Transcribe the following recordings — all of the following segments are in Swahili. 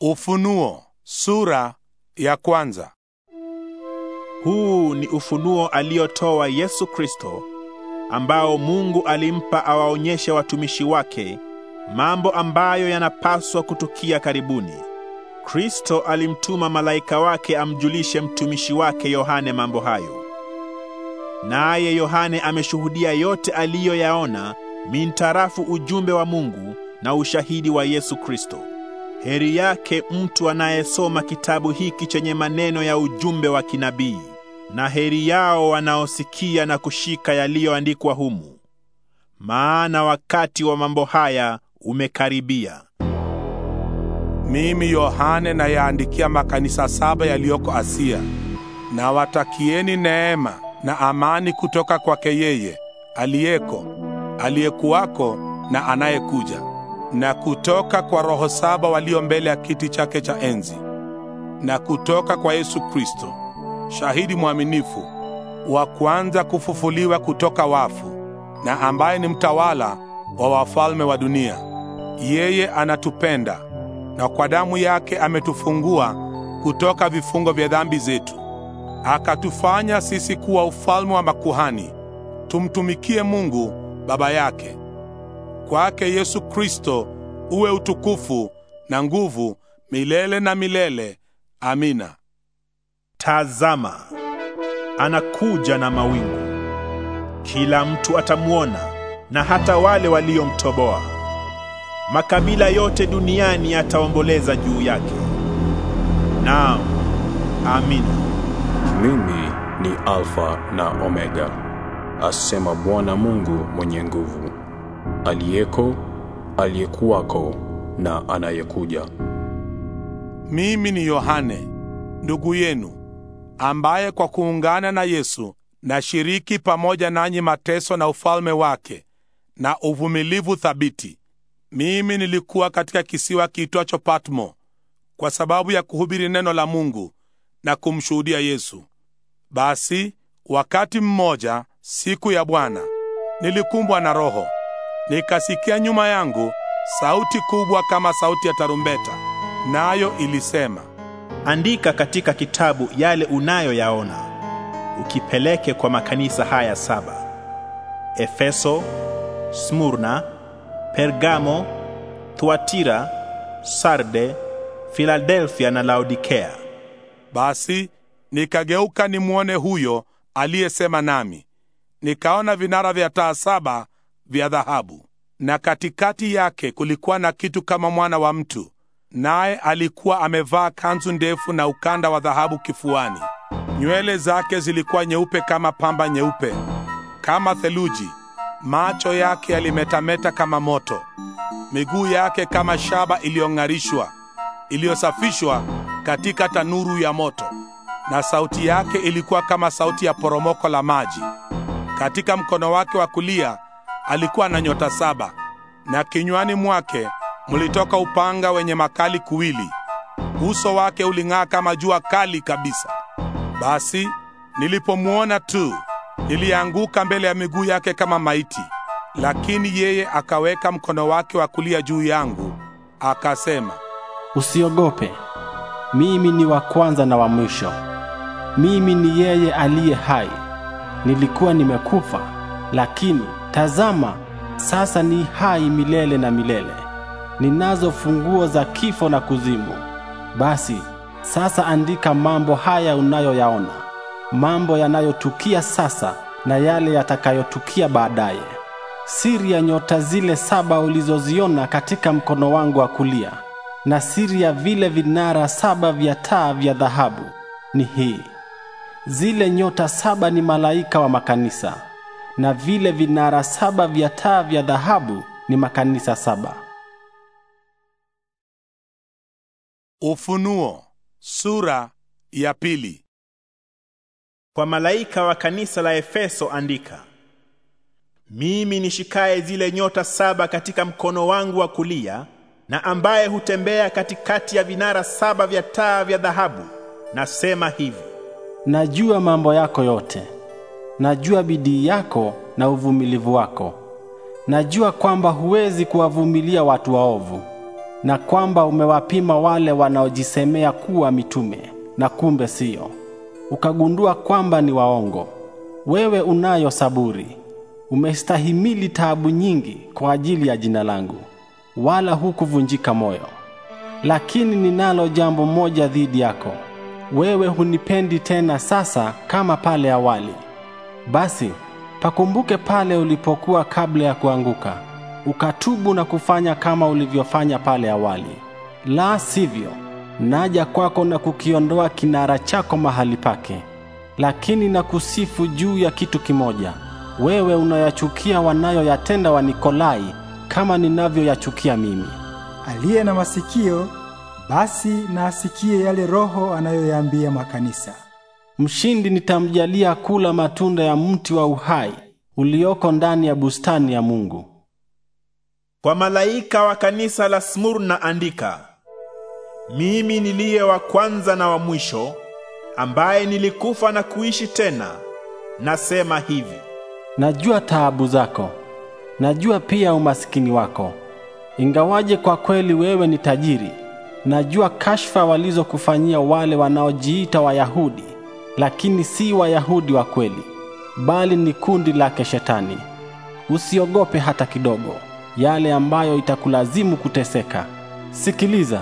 Ufunuo sura ya kwanza. Huu ni ufunuo aliotoa Yesu Kristo ambao Mungu alimpa awaonyeshe watumishi wake mambo ambayo yanapaswa kutukia karibuni. Kristo alimtuma malaika wake amjulishe mtumishi wake Yohane mambo hayo. Naye Yohane ameshuhudia yote aliyoyaona mintarafu ujumbe wa Mungu na ushahidi wa Yesu Kristo. Heri yake mtu anayesoma kitabu hiki chenye maneno ya ujumbe wa kinabii, na heri yao wanaosikia na kushika yaliyoandikwa humu, maana wakati wa mambo haya umekaribia. Mimi Yohane nayaandikia makanisa saba yaliyoko Asia. Nawatakieni neema na amani kutoka kwake yeye aliyeko, aliyekuwako na anayekuja na kutoka kwa roho saba walio mbele ya kiti chake cha enzi, na kutoka kwa Yesu Kristo shahidi mwaminifu, wa kwanza kufufuliwa kutoka wafu, na ambaye ni mtawala wa wafalme wa dunia. Yeye anatupenda na kwa damu yake ametufungua kutoka vifungo vya dhambi zetu, akatufanya sisi kuwa ufalme wa makuhani, tumtumikie Mungu Baba yake. Kwake Yesu Kristo uwe utukufu na nguvu milele na milele. Amina. Tazama, anakuja na mawingu, kila mtu atamwona, na hata wale waliomtoboa. Makabila yote duniani yataomboleza juu yake. Naam, amina. Mimi ni Alfa na Omega, asema Bwana Mungu mwenye nguvu aliyeko, aliyekuwako na anayekuja. Mimi ni Yohane, ndugu yenu, ambaye kwa kuungana na Yesu nashiriki pamoja nanyi mateso na ufalme wake na uvumilivu thabiti. Mimi nilikuwa katika kisiwa kiitwacho Patmo kwa sababu ya kuhubiri neno la Mungu na kumshuhudia Yesu. Basi wakati mmoja, siku ya Bwana, nilikumbwa na Roho Nikasikia nyuma yangu sauti kubwa kama sauti ya tarumbeta, nayo na ilisema, andika katika kitabu yale unayoyaona, ukipeleke kwa makanisa haya saba: Efeso, Smurna, Pergamo, Thuatira, Sarde, Filadelfia na Laodikea. Basi nikageuka nimwone huyo aliyesema nami. Nikaona vinara vya taa saba vya dhahabu, na katikati yake kulikuwa na kitu kama mwana wa mtu, naye alikuwa amevaa kanzu ndefu na ukanda wa dhahabu kifuani. Nywele zake zilikuwa nyeupe kama pamba nyeupe, kama theluji. Macho yake yalimetameta kama moto, miguu yake kama shaba iliyong'arishwa, iliyosafishwa katika tanuru ya moto, na sauti yake ilikuwa kama sauti ya poromoko la maji. Katika mkono wake wa kulia alikuwa na nyota saba, na kinywani mwake mlitoka upanga wenye makali kuwili. Uso wake uling'aa kama jua kali kabisa. Basi nilipomwona tu nilianguka mbele ya miguu yake kama maiti, lakini yeye akaweka mkono wake wa kulia juu yangu, akasema, usiogope, mimi ni wa kwanza na wa mwisho. Mimi ni yeye aliye hai, nilikuwa nimekufa, lakini Tazama, sasa ni hai milele na milele, ninazo funguo za kifo na kuzimu. Basi sasa andika mambo haya unayoyaona, mambo yanayotukia sasa na yale yatakayotukia baadaye. Siri ya nyota zile saba ulizoziona katika mkono wangu wa kulia na siri ya vile vinara saba vya taa vya dhahabu ni hii: zile nyota saba ni malaika wa makanisa na vile vinara saba vya taa vya dhahabu ni makanisa saba. Ufunuo sura ya pili. Kwa malaika wa kanisa la Efeso andika: mimi nishikaye zile nyota saba katika mkono wangu wa kulia na ambaye hutembea katikati ya vinara saba vya taa vya dhahabu, nasema hivi: najua mambo yako yote Najua bidii yako na uvumilivu wako. Najua kwamba huwezi kuwavumilia watu waovu na kwamba umewapima wale wanaojisemea kuwa mitume na kumbe siyo, ukagundua kwamba ni waongo. Wewe unayo saburi, umestahimili taabu nyingi kwa ajili ya jina langu, wala hukuvunjika moyo. Lakini ninalo jambo moja dhidi yako, wewe hunipendi tena sasa kama pale awali, basi pakumbuke pale ulipokuwa kabla ya kuanguka, ukatubu na kufanya kama ulivyofanya pale awali. La sivyo, naja kwako na kukiondoa kinara chako mahali pake. Lakini nakusifu juu ya kitu kimoja, wewe unayachukia wanayoyatenda Wanikolai kama ninavyoyachukia mimi. Aliye na masikio basi na asikie yale Roho anayoyaambia makanisa. Mshindi nitamjalia kula matunda ya mti wa uhai ulioko ndani ya bustani ya Mungu. Kwa malaika wa kanisa la Smurna andika: mimi niliye wa kwanza na wa mwisho, ambaye nilikufa na kuishi tena, nasema hivi: najua taabu zako, najua pia umasikini wako, ingawaje kwa kweli wewe ni tajiri. Najua kashfa walizokufanyia wale wanaojiita Wayahudi lakini si Wayahudi wa kweli, bali ni kundi lake Shetani. Usiogope hata kidogo yale ambayo itakulazimu kuteseka. Sikiliza,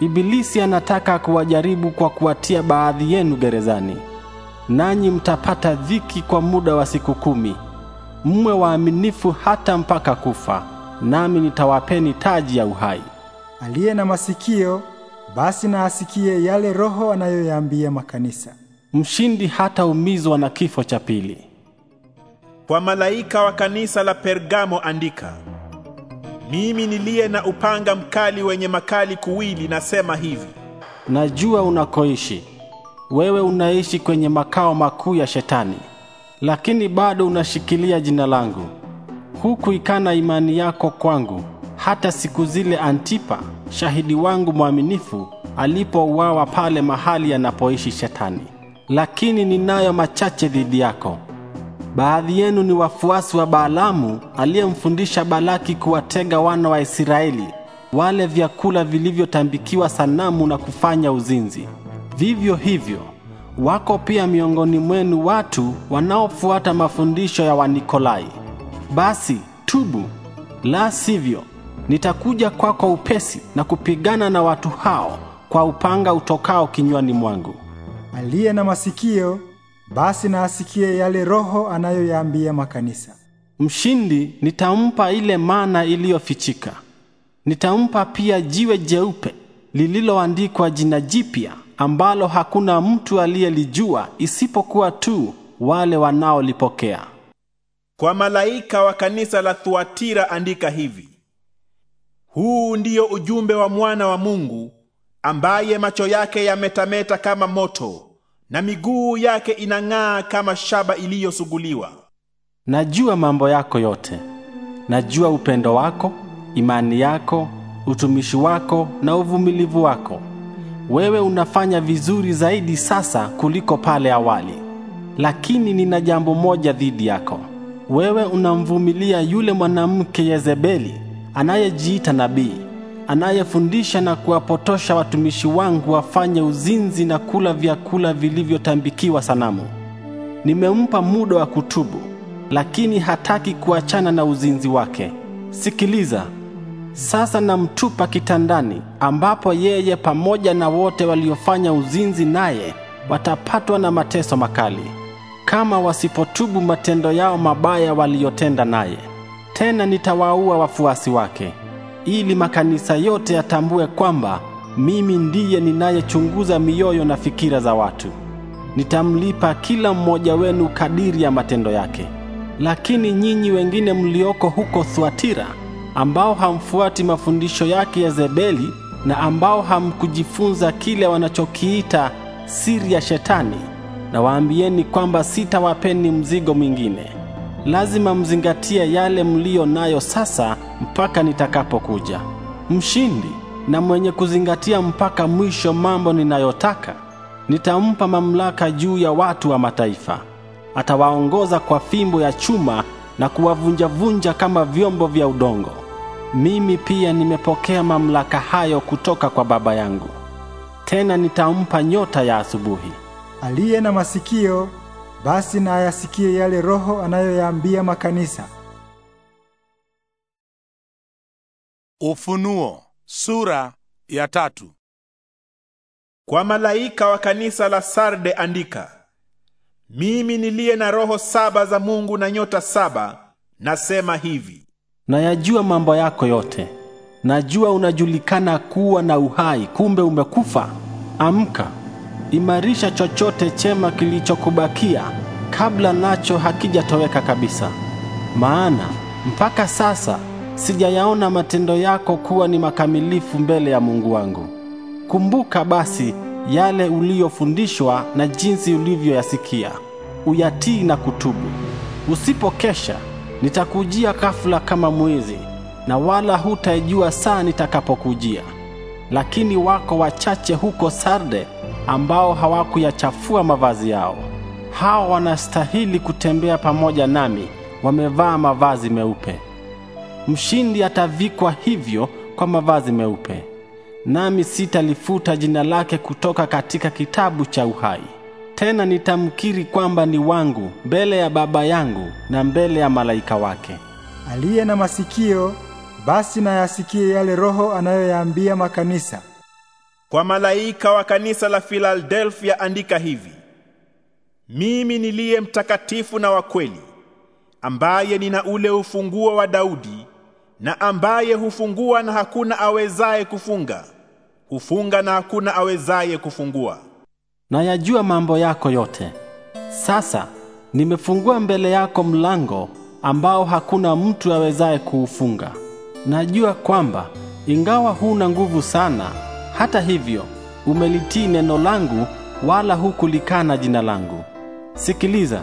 Ibilisi anataka kuwajaribu kwa kuwatia baadhi yenu gerezani, nanyi mtapata dhiki kwa muda wa siku kumi. Mwe waaminifu hata mpaka kufa, nami nitawapeni taji ya uhai. Aliye na masikio basi na asikie yale Roho anayoyaambia makanisa mshindi hata umizwa na kifo cha pili. Kwa malaika wa kanisa la Pergamo andika: mimi niliye na upanga mkali wenye makali kuwili nasema hivi: najua unakoishi wewe, unaishi kwenye makao makuu ya Shetani, lakini bado unashikilia jina langu, hukuikana imani yako kwangu hata siku zile Antipa shahidi wangu mwaminifu alipouawa pale mahali anapoishi Shetani lakini ninayo machache dhidi yako. Baadhi yenu ni wafuasi wa Balaamu aliyemfundisha Balaki kuwatega wana wa Israeli wale vyakula vilivyotambikiwa sanamu na kufanya uzinzi. Vivyo hivyo, wako pia miongoni mwenu watu wanaofuata mafundisho ya Wanikolai. Basi tubu, la sivyo nitakuja kwako kwa upesi na kupigana na watu hao kwa upanga utokao kinywani mwangu. Aliye na masikio basi na asikie yale Roho anayoyaambia makanisa. Mshindi nitampa ile mana iliyofichika, nitampa pia jiwe jeupe lililoandikwa jina jipya ambalo hakuna mtu aliyelijua isipokuwa tu wale wanaolipokea. Kwa malaika wa kanisa la Thuatira andika hivi: huu ndiyo ujumbe wa mwana wa Mungu ambaye macho yake yametameta kama moto na miguu yake inang'aa kama shaba iliyosuguliwa. Najua mambo yako yote, najua upendo wako, imani yako, utumishi wako na uvumilivu wako. Wewe unafanya vizuri zaidi sasa kuliko pale awali, lakini nina jambo moja dhidi yako. Wewe unamvumilia yule mwanamke Yezebeli anayejiita nabii anayefundisha na kuwapotosha watumishi wangu wafanye uzinzi na kula vyakula vilivyotambikiwa sanamu. Nimempa muda wa kutubu, lakini hataki kuachana na uzinzi wake. Sikiliza, sasa namtupa kitandani, ambapo yeye pamoja na wote waliofanya uzinzi naye watapatwa na mateso makali, kama wasipotubu matendo yao mabaya waliyotenda naye. Tena nitawaua wafuasi wake ili makanisa yote yatambue kwamba mimi ndiye ninayechunguza mioyo na fikira za watu. Nitamlipa kila mmoja wenu kadiri ya matendo yake. Lakini nyinyi wengine mlioko huko Thuatira, ambao hamfuati mafundisho yake ya Zebeli na ambao hamkujifunza kile wanachokiita siri ya Shetani, nawaambieni kwamba sitawapeni mzigo mwingine lazima mzingatie yale mliyo nayo sasa mpaka nitakapokuja. Mshindi na mwenye kuzingatia mpaka mwisho mambo ninayotaka, nitampa mamlaka juu ya watu wa mataifa. Atawaongoza kwa fimbo ya chuma na kuwavunjavunja kama vyombo vya udongo. Mimi pia nimepokea mamlaka hayo kutoka kwa Baba yangu. Tena nitampa nyota ya asubuhi. Aliye na masikio basi na ayasikie yale Roho anayoyaambia makanisa. Ufunuo sura ya tatu. Kwa malaika wa kanisa la Sarde andika: Mimi niliye na roho saba za Mungu na nyota saba, nasema hivi: nayajua mambo yako yote, najua unajulikana kuwa na uhai, kumbe umekufa. Amka, imarisha chochote chema kilichokubakia kabla nacho hakijatoweka kabisa. Maana mpaka sasa sijayaona matendo yako kuwa ni makamilifu mbele ya Mungu wangu. Kumbuka basi yale uliyofundishwa na jinsi ulivyoyasikia, uyatii na kutubu. Usipokesha nitakujia ghafula kama mwizi, na wala hutaijua saa nitakapokujia. Lakini wako wachache huko Sarde ambao hawakuyachafua mavazi yao. Hao wanastahili kutembea pamoja nami, wamevaa mavazi meupe. Mshindi atavikwa hivyo kwa mavazi meupe, nami sitalifuta jina lake kutoka katika kitabu cha uhai. Tena nitamkiri kwamba ni wangu mbele ya Baba yangu na mbele ya malaika wake. Aliye na masikio basi na yasikie yale Roho anayoyaambia makanisa. Kwa malaika wa kanisa la Filadelfia andika hivi: Mimi niliye mtakatifu na wakweli ambaye nina ule ufunguo wa Daudi, na ambaye hufungua na hakuna awezaye kufunga, hufunga na hakuna awezaye kufungua. Nayajua mambo yako yote. Sasa nimefungua mbele yako mlango ambao hakuna mtu awezaye kuufunga. Najua kwamba ingawa huna nguvu sana hata hivyo umelitii neno langu, wala hukulikana jina langu. Sikiliza,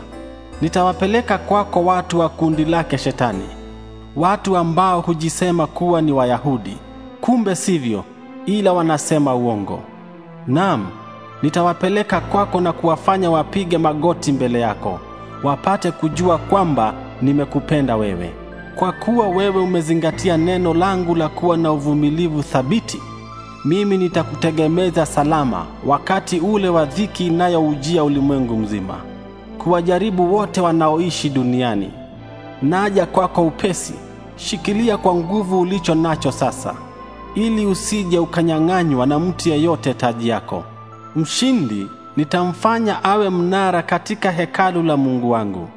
nitawapeleka kwako watu wa kundi lake Shetani, watu ambao hujisema kuwa ni Wayahudi, kumbe sivyo, ila wanasema uongo. Naam, nitawapeleka kwako na kuwafanya wapige magoti mbele yako, wapate kujua kwamba nimekupenda wewe, kwa kuwa wewe umezingatia neno langu la kuwa na uvumilivu thabiti mimi nitakutegemeza salama wakati ule wa dhiki inayoujia ulimwengu mzima, kuwajaribu wote wanaoishi duniani. Naja kwako upesi, shikilia kwa nguvu ulicho nacho sasa, ili usije ukanyang'anywa na mtu yeyote taji yako. Mshindi nitamfanya awe mnara katika hekalu la Mungu wangu,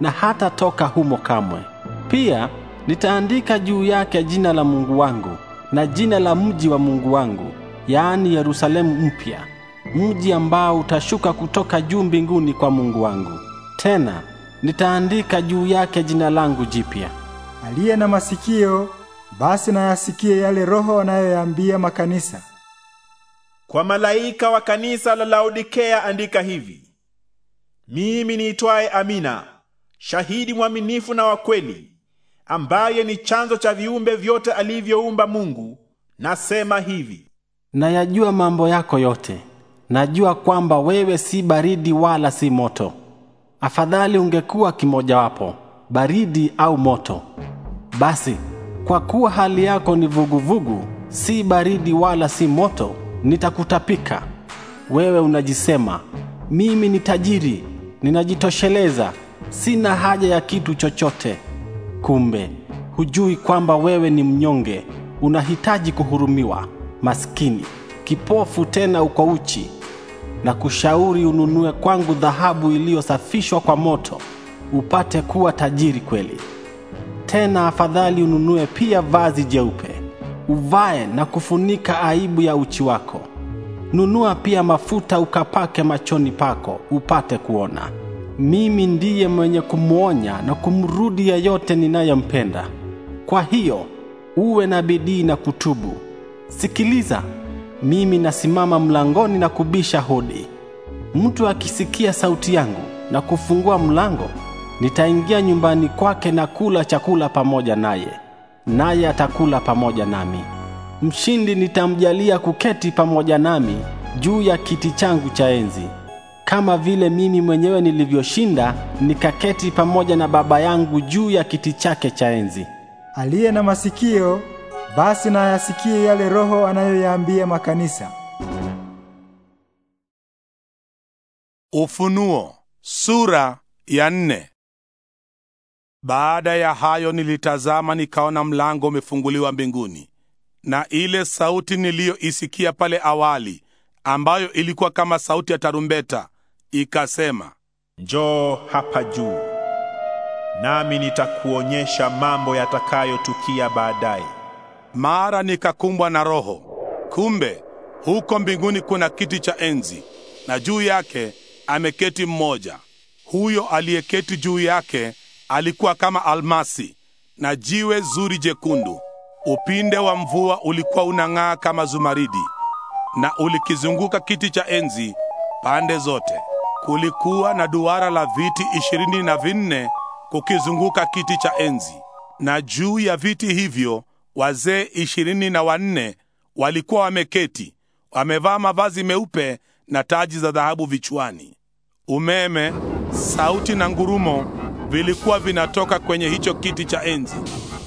na hata toka humo kamwe. Pia nitaandika juu yake jina la Mungu wangu na jina la mji wa Mungu wangu, yaani Yerusalemu mpya, mji ambao utashuka kutoka juu mbinguni kwa Mungu wangu. Tena nitaandika juu yake jina langu jipya. Aliye na masikio basi na yasikie yale Roho anayoyaambia makanisa. Kwa malaika wa kanisa la Laodikea andika hivi: mimi niitwaye Amina, shahidi mwaminifu na wa kweli ambaye ni chanzo cha viumbe vyote alivyoumba Mungu, nasema hivi: nayajua mambo yako yote, najua kwamba wewe si baridi wala si moto. Afadhali ungekuwa kimojawapo, baridi au moto. Basi kwa kuwa hali yako ni vuguvugu vugu, si baridi wala si moto, nitakutapika wewe. Unajisema, mimi ni tajiri, ninajitosheleza, sina haja ya kitu chochote. Kumbe hujui kwamba wewe ni mnyonge, unahitaji kuhurumiwa, maskini, kipofu, tena uko uchi. Na kushauri ununue kwangu dhahabu iliyosafishwa kwa moto, upate kuwa tajiri kweli. Tena afadhali ununue pia vazi jeupe, uvae na kufunika aibu ya uchi wako. Nunua pia mafuta ukapake machoni pako, upate kuona mimi ndiye mwenye kumwonya na kumrudi yeyote ninayempenda. Kwa hiyo uwe na bidii na kutubu. Sikiliza, mimi nasimama mlangoni na kubisha hodi. Mtu akisikia sauti yangu na kufungua mlango, nitaingia nyumbani kwake na kula chakula pamoja naye, naye atakula pamoja nami. Mshindi nitamjalia kuketi pamoja nami juu ya kiti changu cha enzi kama vile mimi mwenyewe nilivyoshinda nikaketi pamoja na Baba yangu juu ya kiti chake cha enzi. Aliye na masikio basi na ayasikie yale Roho anayoyaambia makanisa. Ufunuo sura ya nne. Baada ya hayo nilitazama nikaona mlango umefunguliwa mbinguni, na ile sauti niliyoisikia pale awali ambayo ilikuwa kama sauti ya tarumbeta ikasema, njoo hapa juu, nami nitakuonyesha mambo yatakayotukia baadaye. Mara nikakumbwa na Roho. Kumbe huko mbinguni kuna kiti cha enzi, na juu yake ameketi mmoja. Huyo aliyeketi juu yake alikuwa kama almasi na jiwe zuri jekundu. Upinde wa mvua ulikuwa unang'aa kama zumaridi, na ulikizunguka kiti cha enzi pande zote kulikuwa na duara la viti ishirini na vinne kukizunguka kiti cha enzi, na juu ya viti hivyo wazee ishirini na wanne walikuwa wameketi, wamevaa mavazi meupe na taji za dhahabu vichwani. Umeme, sauti na ngurumo vilikuwa vinatoka kwenye hicho kiti cha enzi.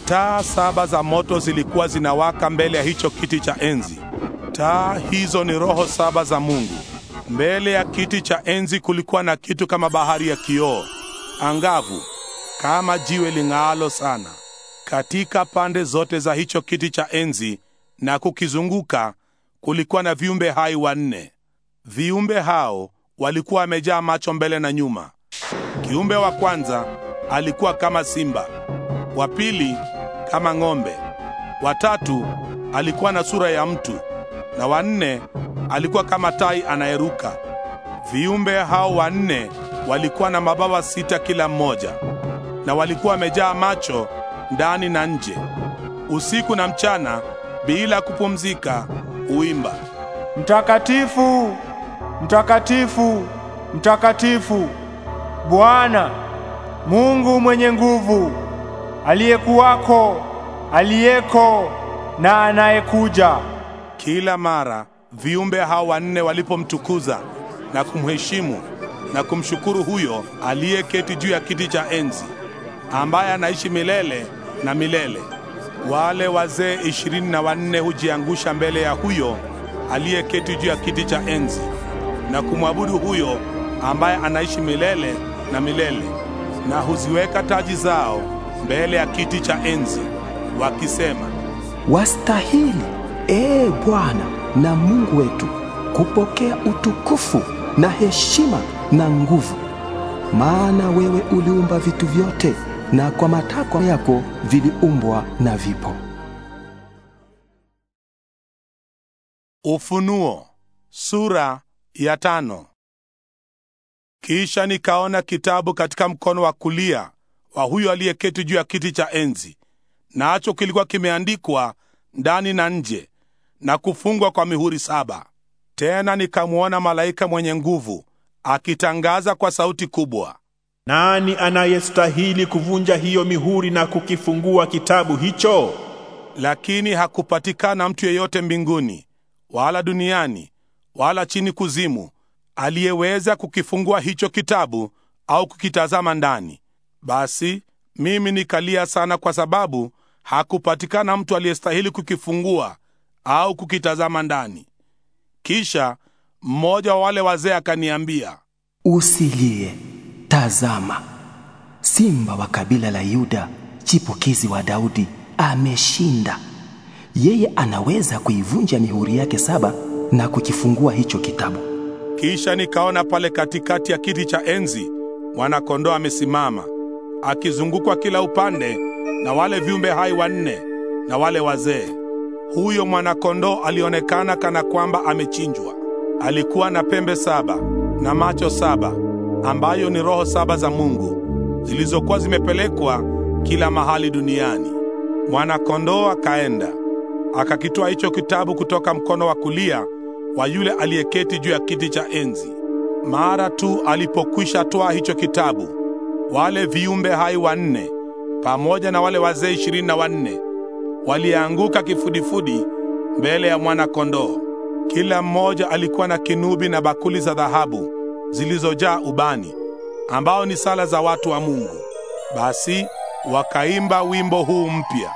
Taa saba za moto zilikuwa zinawaka mbele ya hicho kiti cha enzi. Taa hizo ni roho saba za Mungu. Mbele ya kiti cha enzi kulikuwa na kitu kama bahari ya kioo angavu kama jiwe ling'aalo sana katika pande zote za hicho kiti cha enzi na kukizunguka kulikuwa na viumbe hai wanne. Viumbe hao walikuwa wamejaa macho mbele na nyuma. Kiumbe wa kwanza alikuwa kama simba, wa pili kama ng'ombe, wa tatu alikuwa na sura ya mtu, na wanne alikuwa kama tai anayeruka. Viumbe hao wanne walikuwa na mabawa sita kila mmoja, na walikuwa wamejaa macho ndani na nje, usiku na mchana, bila kupumzika, uimba mtakatifu, mtakatifu, mtakatifu, Bwana Mungu mwenye nguvu, aliyekuwako, aliyeko na anayekuja. Kila mara viumbe hao wanne walipomtukuza na kumheshimu na kumshukuru huyo aliyeketi juu ya kiti cha enzi ambaye anaishi milele na milele, wale wazee ishirini na wanne hujiangusha mbele ya huyo aliyeketi juu ya kiti cha enzi na kumwabudu huyo ambaye anaishi milele na milele, na huziweka taji zao mbele ya kiti cha enzi wakisema, wastahili Ee Bwana na Mungu wetu, kupokea utukufu na heshima na nguvu, maana wewe uliumba vitu vyote na kwa matakwa yako viliumbwa na vipo. Ufunuo sura ya tano. Kisha nikaona kitabu katika mkono wa kulia wa huyo aliyeketi juu ya kiti cha enzi, nacho kilikuwa kimeandikwa ndani na nje, na kufungwa kwa mihuri saba. Tena nikamwona malaika mwenye nguvu akitangaza kwa sauti kubwa, nani anayestahili kuvunja hiyo mihuri na kukifungua kitabu hicho? Lakini hakupatikana mtu yeyote mbinguni wala duniani wala chini kuzimu aliyeweza kukifungua hicho kitabu au kukitazama ndani. Basi mimi nikalia sana, kwa sababu hakupatikana mtu aliyestahili kukifungua au kukitazama ndani. Kisha mmoja wa wale wazee akaniambia, usilie, tazama, simba wa kabila la Yuda, chipukizi wa Daudi, ameshinda. Yeye anaweza kuivunja mihuri yake saba na kukifungua hicho kitabu. Kisha nikaona pale katikati ya kiti cha enzi mwana-kondoo amesimama akizungukwa kila upande na wale viumbe hai wanne na wale wazee huyo mwanakondoo alionekana kana kwamba amechinjwa. Alikuwa na pembe saba na macho saba, ambayo ni roho saba za Mungu zilizokuwa zimepelekwa kila mahali duniani. Mwanakondoo akaenda akakitoa hicho kitabu kutoka mkono wa kulia wa yule aliyeketi juu ya kiti cha enzi. Mara tu alipokwisha toa hicho kitabu, wale viumbe hai wanne pamoja na wale wazee ishirini na wanne walianguka kifudifudi mbele ya mwana-kondoo. Kila mmoja alikuwa na kinubi na bakuli za dhahabu zilizojaa ubani, ambao ni sala za watu wa Mungu. Basi wakaimba wimbo huu mpya: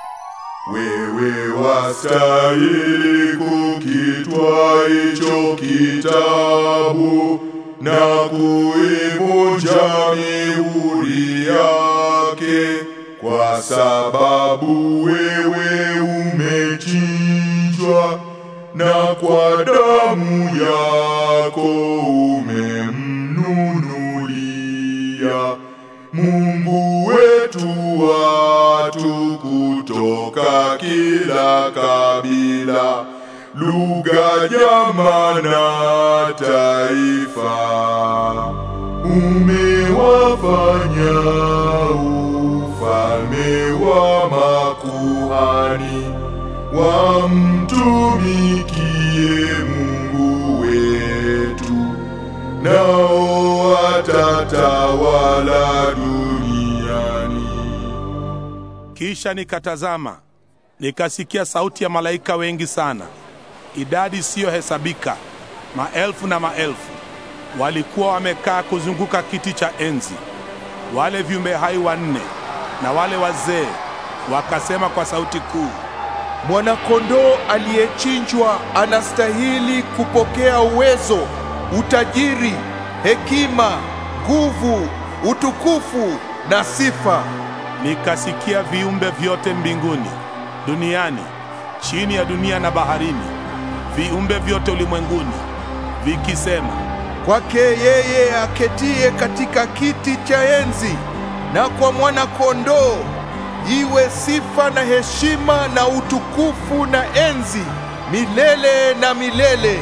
wewe wastahili kukitwa hicho kitabu na kuivunja mihuri yake, kwa sababu wewe na kwa damu yako umemnunulia Mungu wetu watu kutoka kila kabila, lugha, jamaa na taifa. Umewafanya ufalme wa makuhani wamtumikie Mungu wetu, nao watatawala duniani. Kisha nikatazama, nikasikia sauti ya malaika wengi sana, idadi isiyohesabika, maelfu na maelfu, walikuwa wamekaa kuzunguka kiti cha enzi, wale viumbe hai wanne na wale wazee, wakasema kwa sauti kuu Mwanakondoo aliyechinjwa anastahili kupokea uwezo, utajiri, hekima, nguvu, utukufu na sifa. Nikasikia viumbe vyote mbinguni, duniani, chini ya dunia na baharini, viumbe vyote ulimwenguni vikisema, kwake yeye aketie katika kiti cha enzi na kwa mwana kondoo iwe sifa na heshima na utukufu na enzi milele na milele.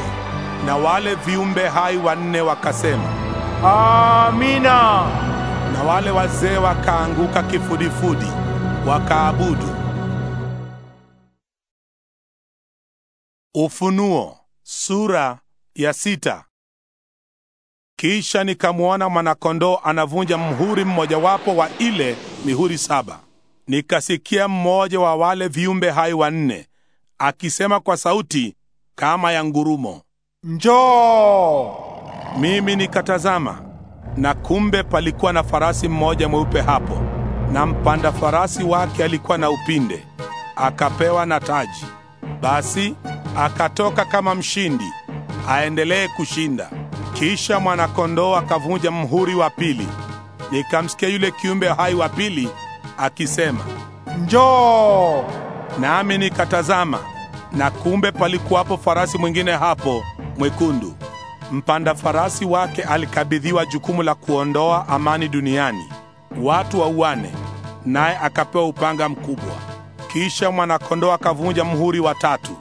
Na wale viumbe hai wanne wakasema amina. Na wale wazee wakaanguka kifudifudi wakaabudu. Ufunuo sura ya sita. Kisha nikamwona mwanakondoo anavunja mhuri mmojawapo wa ile mihuri saba nikasikia mmoja wa wale viumbe hai wanne akisema kwa sauti kama ya ngurumo, njoo! Mimi nikatazama, na kumbe palikuwa na farasi mmoja mweupe hapo, na mpanda farasi wake alikuwa na upinde, akapewa na taji. Basi akatoka kama mshindi, aendelee kushinda. Kisha mwanakondoo akavunja mhuri wa pili. Nikamsikia yule kiumbe hai wa pili akisema, njoo. Nami nikatazama, na kumbe palikuwapo farasi mwingine hapo mwekundu. Mpanda farasi wake alikabidhiwa jukumu la kuondoa amani duniani, watu wauane, naye akapewa upanga mkubwa. Kisha mwanakondoo akavunja mhuri wa tatu.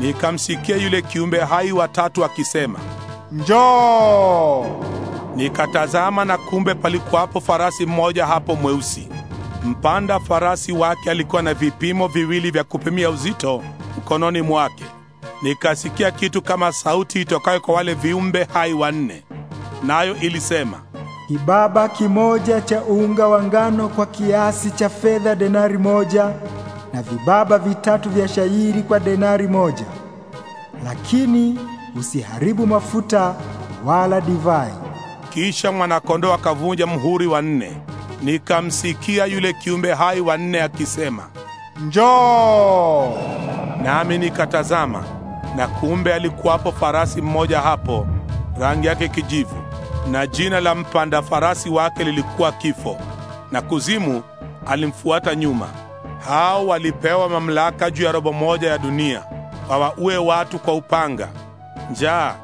Nikamsikia yule kiumbe hai wa tatu akisema, njoo. Nikatazama na kumbe palikuwapo farasi mmoja hapo mweusi Mpanda farasi wake alikuwa na vipimo viwili vya kupimia uzito mkononi mwake. Nikasikia kitu kama sauti itokayo kwa wale viumbe hai wanne, nayo ilisema, kibaba kimoja cha unga wa ngano kwa kiasi cha fedha denari moja na vibaba vitatu vya shayiri kwa denari moja, lakini usiharibu mafuta wala divai. Kisha mwanakondoo akavunja mhuri wa nne nikamsikia yule kiumbe hai wa nne akisema, njoo. Nami nikatazama, na kumbe alikuwapo farasi mmoja hapo, rangi yake kijivu, na jina la mpanda farasi wake lilikuwa Kifo, na Kuzimu alimfuata nyuma. Hao walipewa mamlaka juu ya robo moja ya dunia, wawaue watu kwa upanga, njaa,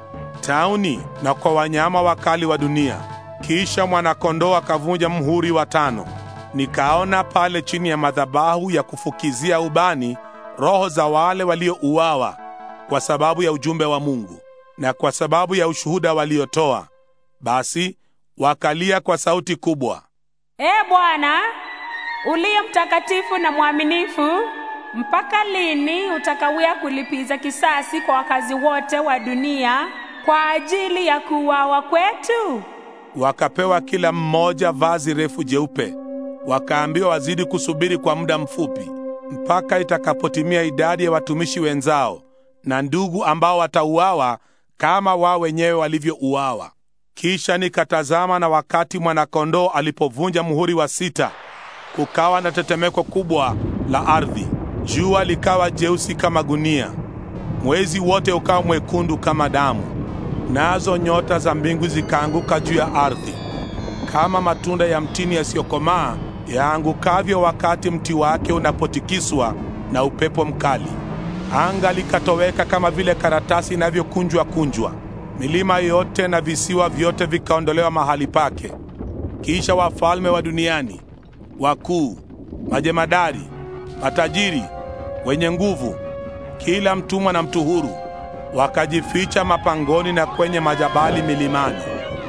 tauni na kwa wanyama wakali wa dunia. Kisha mwana-kondoo akavunja mhuri wa tano. Nikaona pale chini ya madhabahu ya kufukizia ubani roho za wale waliouawa kwa sababu ya ujumbe wa Mungu na kwa sababu ya ushuhuda waliotoa. Basi wakalia kwa sauti kubwa, e Bwana uliye mtakatifu na mwaminifu, mpaka lini utakawia kulipiza kisasi kwa wakazi wote wa dunia kwa ajili ya kuuawa kwetu? Wakapewa kila mmoja vazi refu jeupe, wakaambiwa wazidi kusubiri kwa muda mfupi, mpaka itakapotimia idadi ya watumishi wenzao na ndugu ambao watauawa kama wao wenyewe walivyouawa. Kisha nikatazama, na wakati mwanakondoo alipovunja muhuri wa sita, kukawa na tetemeko kubwa la ardhi. Jua likawa jeusi kama gunia, mwezi wote ukawa mwekundu kama damu nazo nyota za mbingu zikaanguka juu ya ardhi, kama matunda ya mtini yasiyokomaa yaangukavyo wakati mti wake unapotikiswa na upepo mkali. Anga likatoweka kama vile karatasi inavyokunjwa kunjwa, milima yote na visiwa vyote vikaondolewa mahali pake. Kisha wafalme wa duniani, wakuu, majemadari, matajiri, wenye nguvu, kila mtumwa na mtu huru Wakajificha mapangoni na kwenye majabali milimani.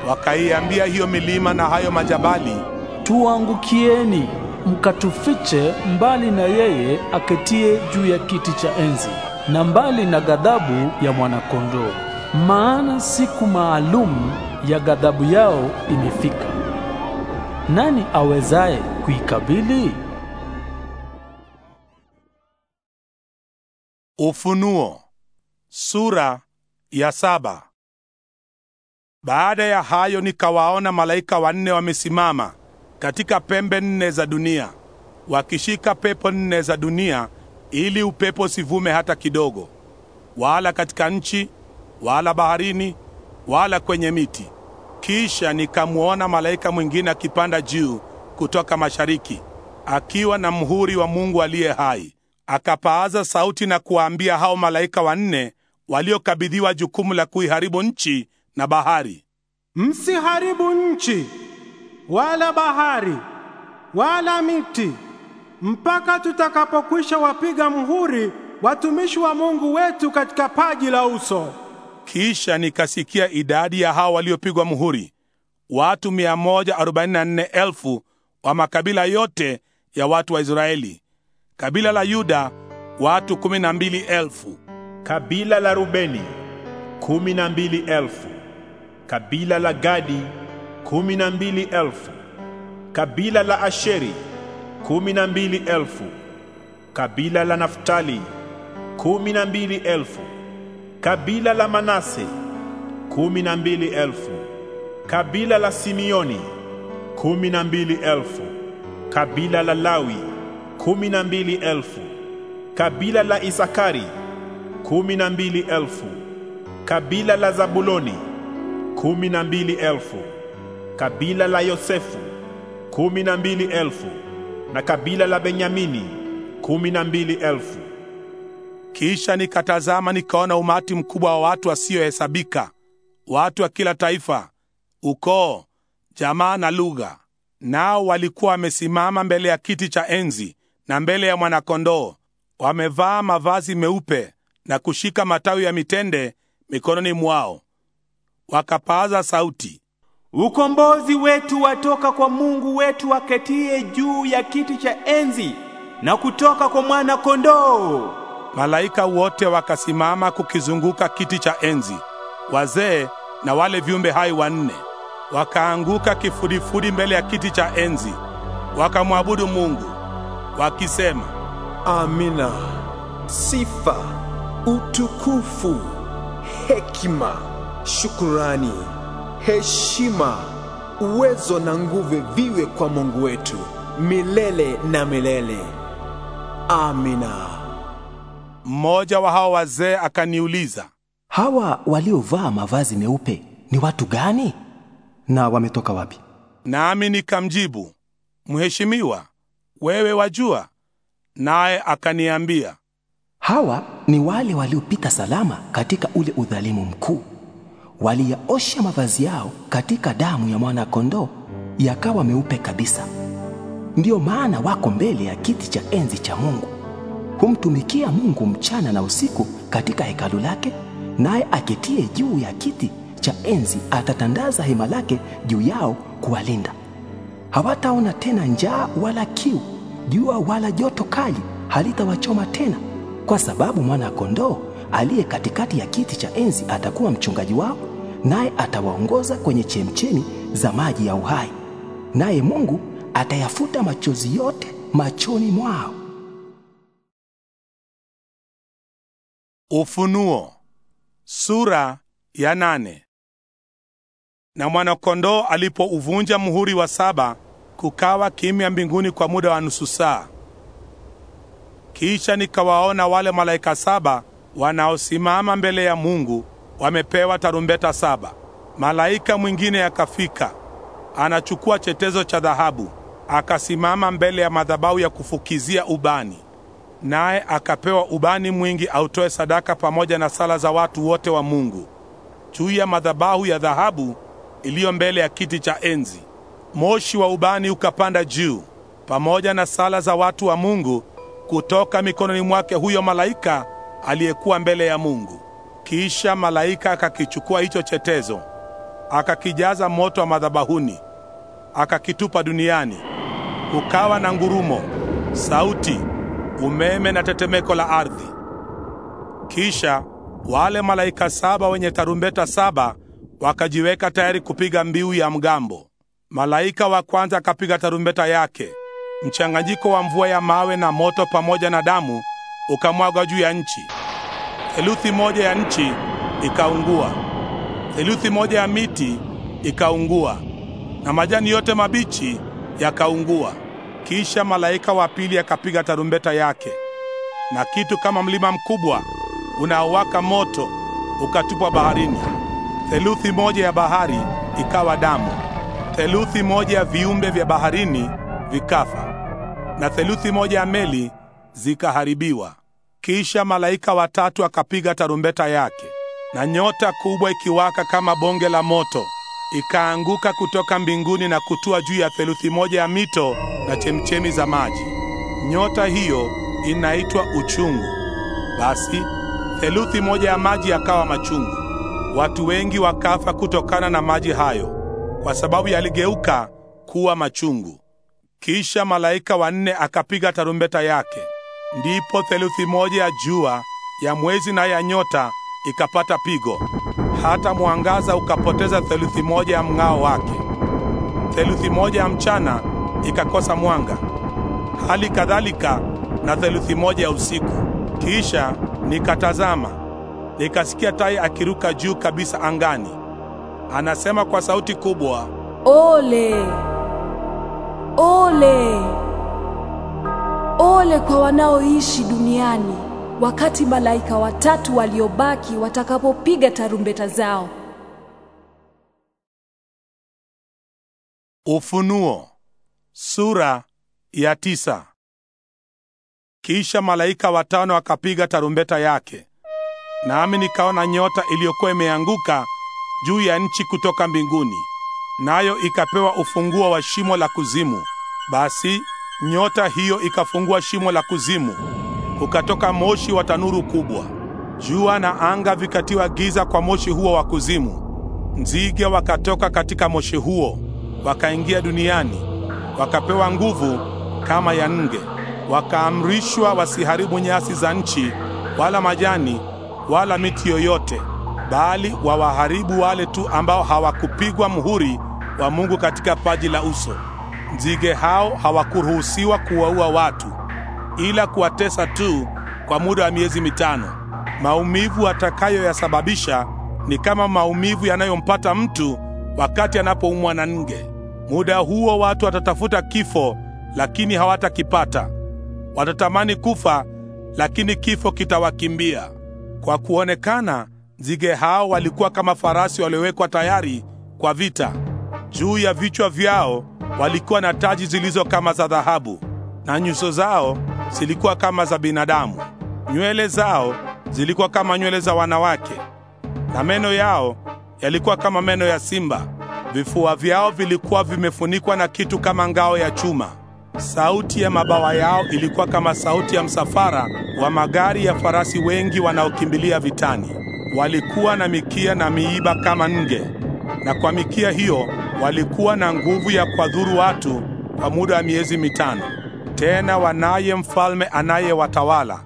Wakaiambia hiyo milima na hayo majabali, tuangukieni mkatufiche mbali na yeye aketie juu ya kiti cha enzi na mbali na ghadhabu ya mwanakondoo, maana siku maalum ya ghadhabu yao imefika. Nani awezaye kuikabili? Ufunuo Sura ya saba. Baada ya hayo nikawaona malaika wanne wamesimama katika pembe nne za dunia wakishika pepo nne za dunia ili upepo usivume hata kidogo, wala katika nchi, wala baharini, wala kwenye miti. Kisha nikamwona malaika mwingine akipanda juu kutoka mashariki akiwa na mhuri wa Mungu aliye hai, akapaaza sauti na kuwaambia hao malaika wanne waliokabidhiwa jukumu la kuiharibu nchi na bahari. Msiharibu nchi wala bahari wala miti mpaka tutakapokwisha wapiga mhuri watumishi wa Mungu wetu katika paji la uso. Kisha nikasikia idadi ya hao waliopigwa muhuri watu 144,000 wa makabila yote ya watu wa Israeli. Kabila la Yuda watu 12,000 kabila la Rubeni kumi na mbili elfu kabila la Gadi kumi na mbili elfu kabila la Asheri kumi na mbili elfu kabila la Naftali kumi na mbili elfu kabila la Manase kumi na mbili elfu kabila la Simioni kumi na mbili elfu kabila la Lawi kumi na mbili elfu kabila la Isakari kumi na mbili elfu kabila la Zabuloni kumi na mbili elfu kabila la Yosefu kumi na mbili elfu na kabila la Benyamini kumi na mbili elfu. Kisha nikatazama nikaona umati mkubwa wa watu wasiohesabika, watu wa kila taifa, ukoo, jamaa na lugha. Nao walikuwa wamesimama mbele ya kiti cha enzi na mbele ya mwanakondoo, wamevaa mavazi meupe na kushika matawi ya mitende mikononi mwao, wakapaaza sauti, ukombozi wetu watoka kwa Mungu wetu aketie juu ya kiti cha enzi na kutoka kwa mwana kondoo. Malaika wote wakasimama kukizunguka kiti cha enzi, wazee na wale viumbe hai wanne wakaanguka kifudifudi mbele ya kiti cha enzi, wakamwabudu Mungu wakisema, Amina, sifa utukufu, hekima, shukurani, heshima, uwezo na nguvu viwe kwa Mungu wetu milele na milele. Amina. Mmoja wa hao wazee akaniuliza, hawa waliovaa mavazi meupe ni watu gani na wametoka wapi? Nami nikamjibu, Mheshimiwa, wewe wajua. Naye akaniambia, Hawa ni wale waliopita salama katika ule udhalimu mkuu, waliyaosha mavazi yao katika damu ya mwana-kondoo yakawa meupe kabisa. Ndiyo maana wako mbele ya kiti cha enzi cha Mungu, humtumikia Mungu mchana na usiku katika hekalu lake, naye aketie juu ya kiti cha enzi atatandaza hema lake juu yao kuwalinda. Hawataona tena njaa wala kiu, jua wala joto kali halitawachoma tena kwa sababu mwana-kondoo aliye katikati ya kiti cha enzi atakuwa mchungaji wao, naye atawaongoza kwenye chemchemi za maji ya uhai, naye Mungu atayafuta machozi yote machoni mwao. Ufunuo sura ya nane. Na mwana-kondoo alipouvunja muhuri wa saba, kukawa kimya mbinguni kwa muda wa nusu saa. Kisha nikawaona wale malaika saba wanaosimama mbele ya Mungu wamepewa tarumbeta saba. Malaika mwingine akafika, anachukua chetezo cha dhahabu, akasimama mbele ya madhabahu ya kufukizia ubani, naye akapewa ubani mwingi autoe sadaka pamoja na sala za watu wote wa Mungu, juu ya madhabahu ya dhahabu iliyo mbele ya kiti cha enzi. Moshi wa ubani ukapanda juu pamoja na sala za watu wa Mungu kutoka mikononi mwake huyo malaika aliyekuwa mbele ya Mungu. Kisha malaika akakichukua hicho chetezo, akakijaza moto wa madhabahuni, akakitupa duniani. Kukawa na ngurumo, sauti, umeme na tetemeko la ardhi. Kisha wale malaika saba wenye tarumbeta saba wakajiweka tayari kupiga mbiu ya mgambo. Malaika wa kwanza akapiga tarumbeta yake mchanganyiko wa mvua ya mawe na moto pamoja na damu ukamwagwa juu ya nchi. Theluthi moja ya nchi ikaungua, theluthi moja ya miti ikaungua, na majani yote mabichi yakaungua. Kisha malaika wa pili akapiga tarumbeta yake, na kitu kama mlima mkubwa unaowaka moto ukatupwa baharini. Theluthi moja ya bahari ikawa damu, theluthi moja ya viumbe vya baharini vikafa na theluthi moja ya meli zikaharibiwa. Kisha malaika watatu akapiga tarumbeta yake, na nyota kubwa ikiwaka kama bonge la moto ikaanguka kutoka mbinguni na kutua juu ya theluthi moja ya mito na chemchemi za maji. Nyota hiyo inaitwa Uchungu. Basi theluthi moja ya maji yakawa machungu. Watu wengi wakafa kutokana na maji hayo, kwa sababu yaligeuka kuwa machungu. Kisha malaika wanne akapiga tarumbeta yake, ndipo theluthi moja ya jua, ya mwezi na ya nyota ikapata pigo, hata mwangaza ukapoteza theluthi moja ya mng'ao wake. Theluthi moja ya mchana ikakosa mwanga, hali kadhalika na theluthi moja ya usiku. Kisha nikatazama, nikasikia tai akiruka juu kabisa angani, anasema kwa sauti kubwa, ole! Ole! Ole kwa wanaoishi duniani wakati malaika watatu waliobaki watakapopiga tarumbeta zao. Ufunuo sura ya tisa. Kisha malaika watano akapiga tarumbeta yake, nami nikaona nyota iliyokuwa imeanguka juu ya nchi kutoka mbinguni nayo ikapewa ufunguo wa shimo la kuzimu. Basi nyota hiyo ikafungua shimo la kuzimu, kukatoka moshi wa tanuru kubwa. Jua na anga vikatiwa giza kwa moshi huo wa kuzimu. Nzige wakatoka katika moshi huo, wakaingia duniani, wakapewa nguvu kama ya nge, wakaamrishwa wasiharibu nyasi za nchi, wala majani, wala miti yoyote bali wawaharibu wale tu ambao hawakupigwa mhuri wa Mungu katika paji la uso. Nzige hao hawakuruhusiwa kuwaua watu, ila kuwatesa tu kwa muda wa miezi mitano. Maumivu atakayoyasababisha ni kama maumivu yanayompata mtu wakati anapoumwa na nge. Muda huo watu watatafuta kifo, lakini hawatakipata. Watatamani kufa, lakini kifo kitawakimbia. Kwa kuonekana Nzige hao walikuwa kama farasi waliowekwa tayari kwa vita. Juu ya vichwa vyao walikuwa na taji zilizo kama za dhahabu, na nyuso zao zilikuwa kama za binadamu. Nywele zao zilikuwa kama nywele za wanawake, na meno yao yalikuwa kama meno ya simba. Vifua vyao vilikuwa vimefunikwa na kitu kama ngao ya chuma. Sauti ya mabawa yao ilikuwa kama sauti ya msafara wa magari ya farasi wengi wanaokimbilia vitani walikuwa na mikia na miiba kama nge, na kwa mikia hiyo walikuwa na nguvu ya kwadhuru watu kwa muda wa miezi mitano. Tena wanaye mfalme anayewatawala,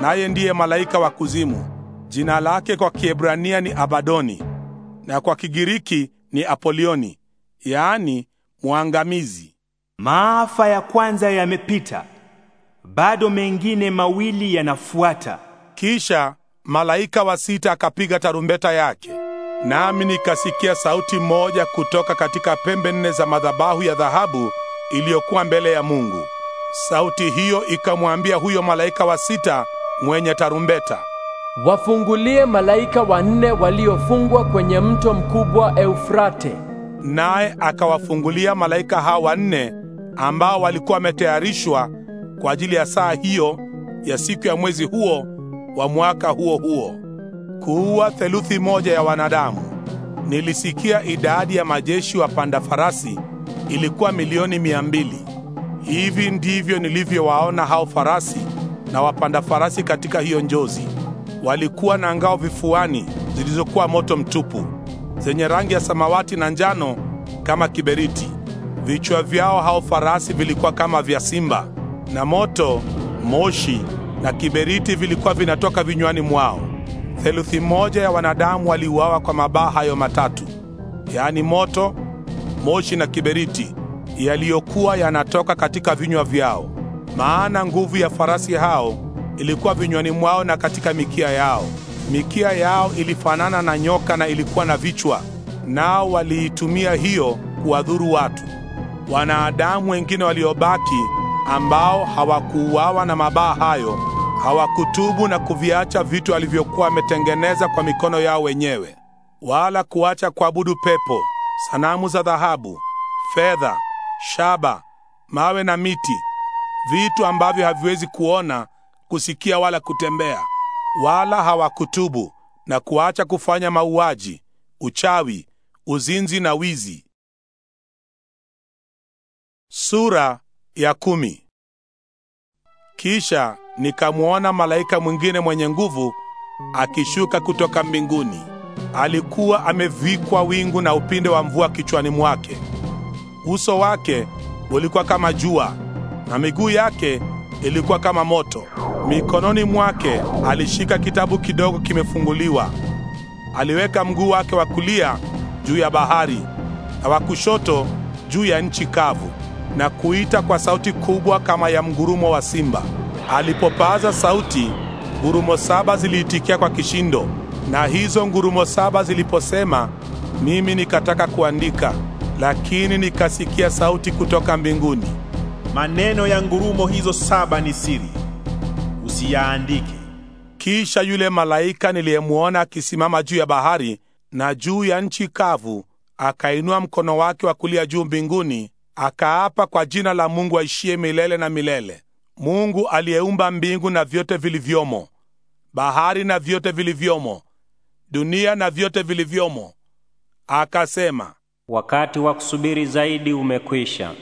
naye ndiye malaika wa kuzimu. Jina lake kwa Kiebrania ni Abadoni na kwa Kigiriki ni Apolioni, yaani mwangamizi. Maafa ya kwanza yamepita, bado mengine mawili yanafuata. Kisha malaika wa sita akapiga tarumbeta yake, nami nikasikia sauti moja kutoka katika pembe nne za madhabahu ya dhahabu iliyokuwa mbele ya Mungu. Sauti hiyo ikamwambia huyo malaika wa sita mwenye tarumbeta, wafungulie malaika wanne waliofungwa kwenye mto mkubwa Eufrate. Naye akawafungulia malaika hao wanne ambao walikuwa wametayarishwa kwa ajili ya saa hiyo ya siku ya mwezi huo wa mwaka huo huo, kuua theluthi moja ya wanadamu. Nilisikia idadi ya majeshi wapanda farasi ilikuwa milioni mia mbili. Hivi ndivyo nilivyowaona hao farasi na wapanda farasi katika hiyo njozi. Walikuwa na ngao vifuani zilizokuwa moto mtupu, zenye rangi ya samawati na njano kama kiberiti. Vichwa vyao hao farasi vilikuwa kama vya simba, na moto, moshi na kiberiti vilikuwa vinatoka vinywani mwao. Theluthi moja ya wanadamu waliuawa kwa mabaa hayo matatu, yaani moto, moshi na kiberiti, yaliyokuwa yanatoka katika vinywa vyao, maana nguvu ya farasi hao ilikuwa vinywani mwao na katika mikia yao. Mikia yao ilifanana na nyoka na ilikuwa na vichwa, nao waliitumia hiyo kuwadhuru watu. Wanadamu wengine waliobaki ambao hawakuuawa na mabaa hayo Hawakutubu na kuviacha vitu alivyokuwa ametengeneza kwa mikono yao wenyewe, wala kuacha kuabudu pepo, sanamu za dhahabu, fedha, shaba, mawe na miti, vitu ambavyo haviwezi kuona, kusikia wala kutembea. Wala hawakutubu na kuacha kufanya mauaji, uchawi, uzinzi na wizi. Sura ya kumi. Kisha nikamwona malaika mwingine mwenye nguvu akishuka kutoka mbinguni. Alikuwa amevikwa wingu na upinde wa mvua kichwani mwake. Uso wake ulikuwa kama jua na miguu yake ilikuwa kama moto. Mikononi mwake alishika kitabu kidogo kimefunguliwa. Aliweka mguu wake wa kulia juu ya bahari na wa kushoto juu ya nchi kavu, na kuita kwa sauti kubwa kama ya mgurumo wa simba. Alipopaza sauti, ngurumo saba ziliitikia kwa kishindo, na hizo ngurumo saba ziliposema, mimi nikataka kuandika, lakini nikasikia sauti kutoka mbinguni, maneno ya ngurumo hizo saba ni siri, usiyaandike. Kisha yule malaika niliyemwona akisimama juu ya bahari na juu ya nchi kavu akainua mkono wake wa kulia juu mbinguni, akaapa kwa jina la Mungu aishiye milele na milele, Mungu aliyeumba mbingu na vyote vilivyomo, bahari na vyote vilivyomo, dunia na vyote vilivyomo, akasema, wakati wa kusubiri zaidi umekwisha.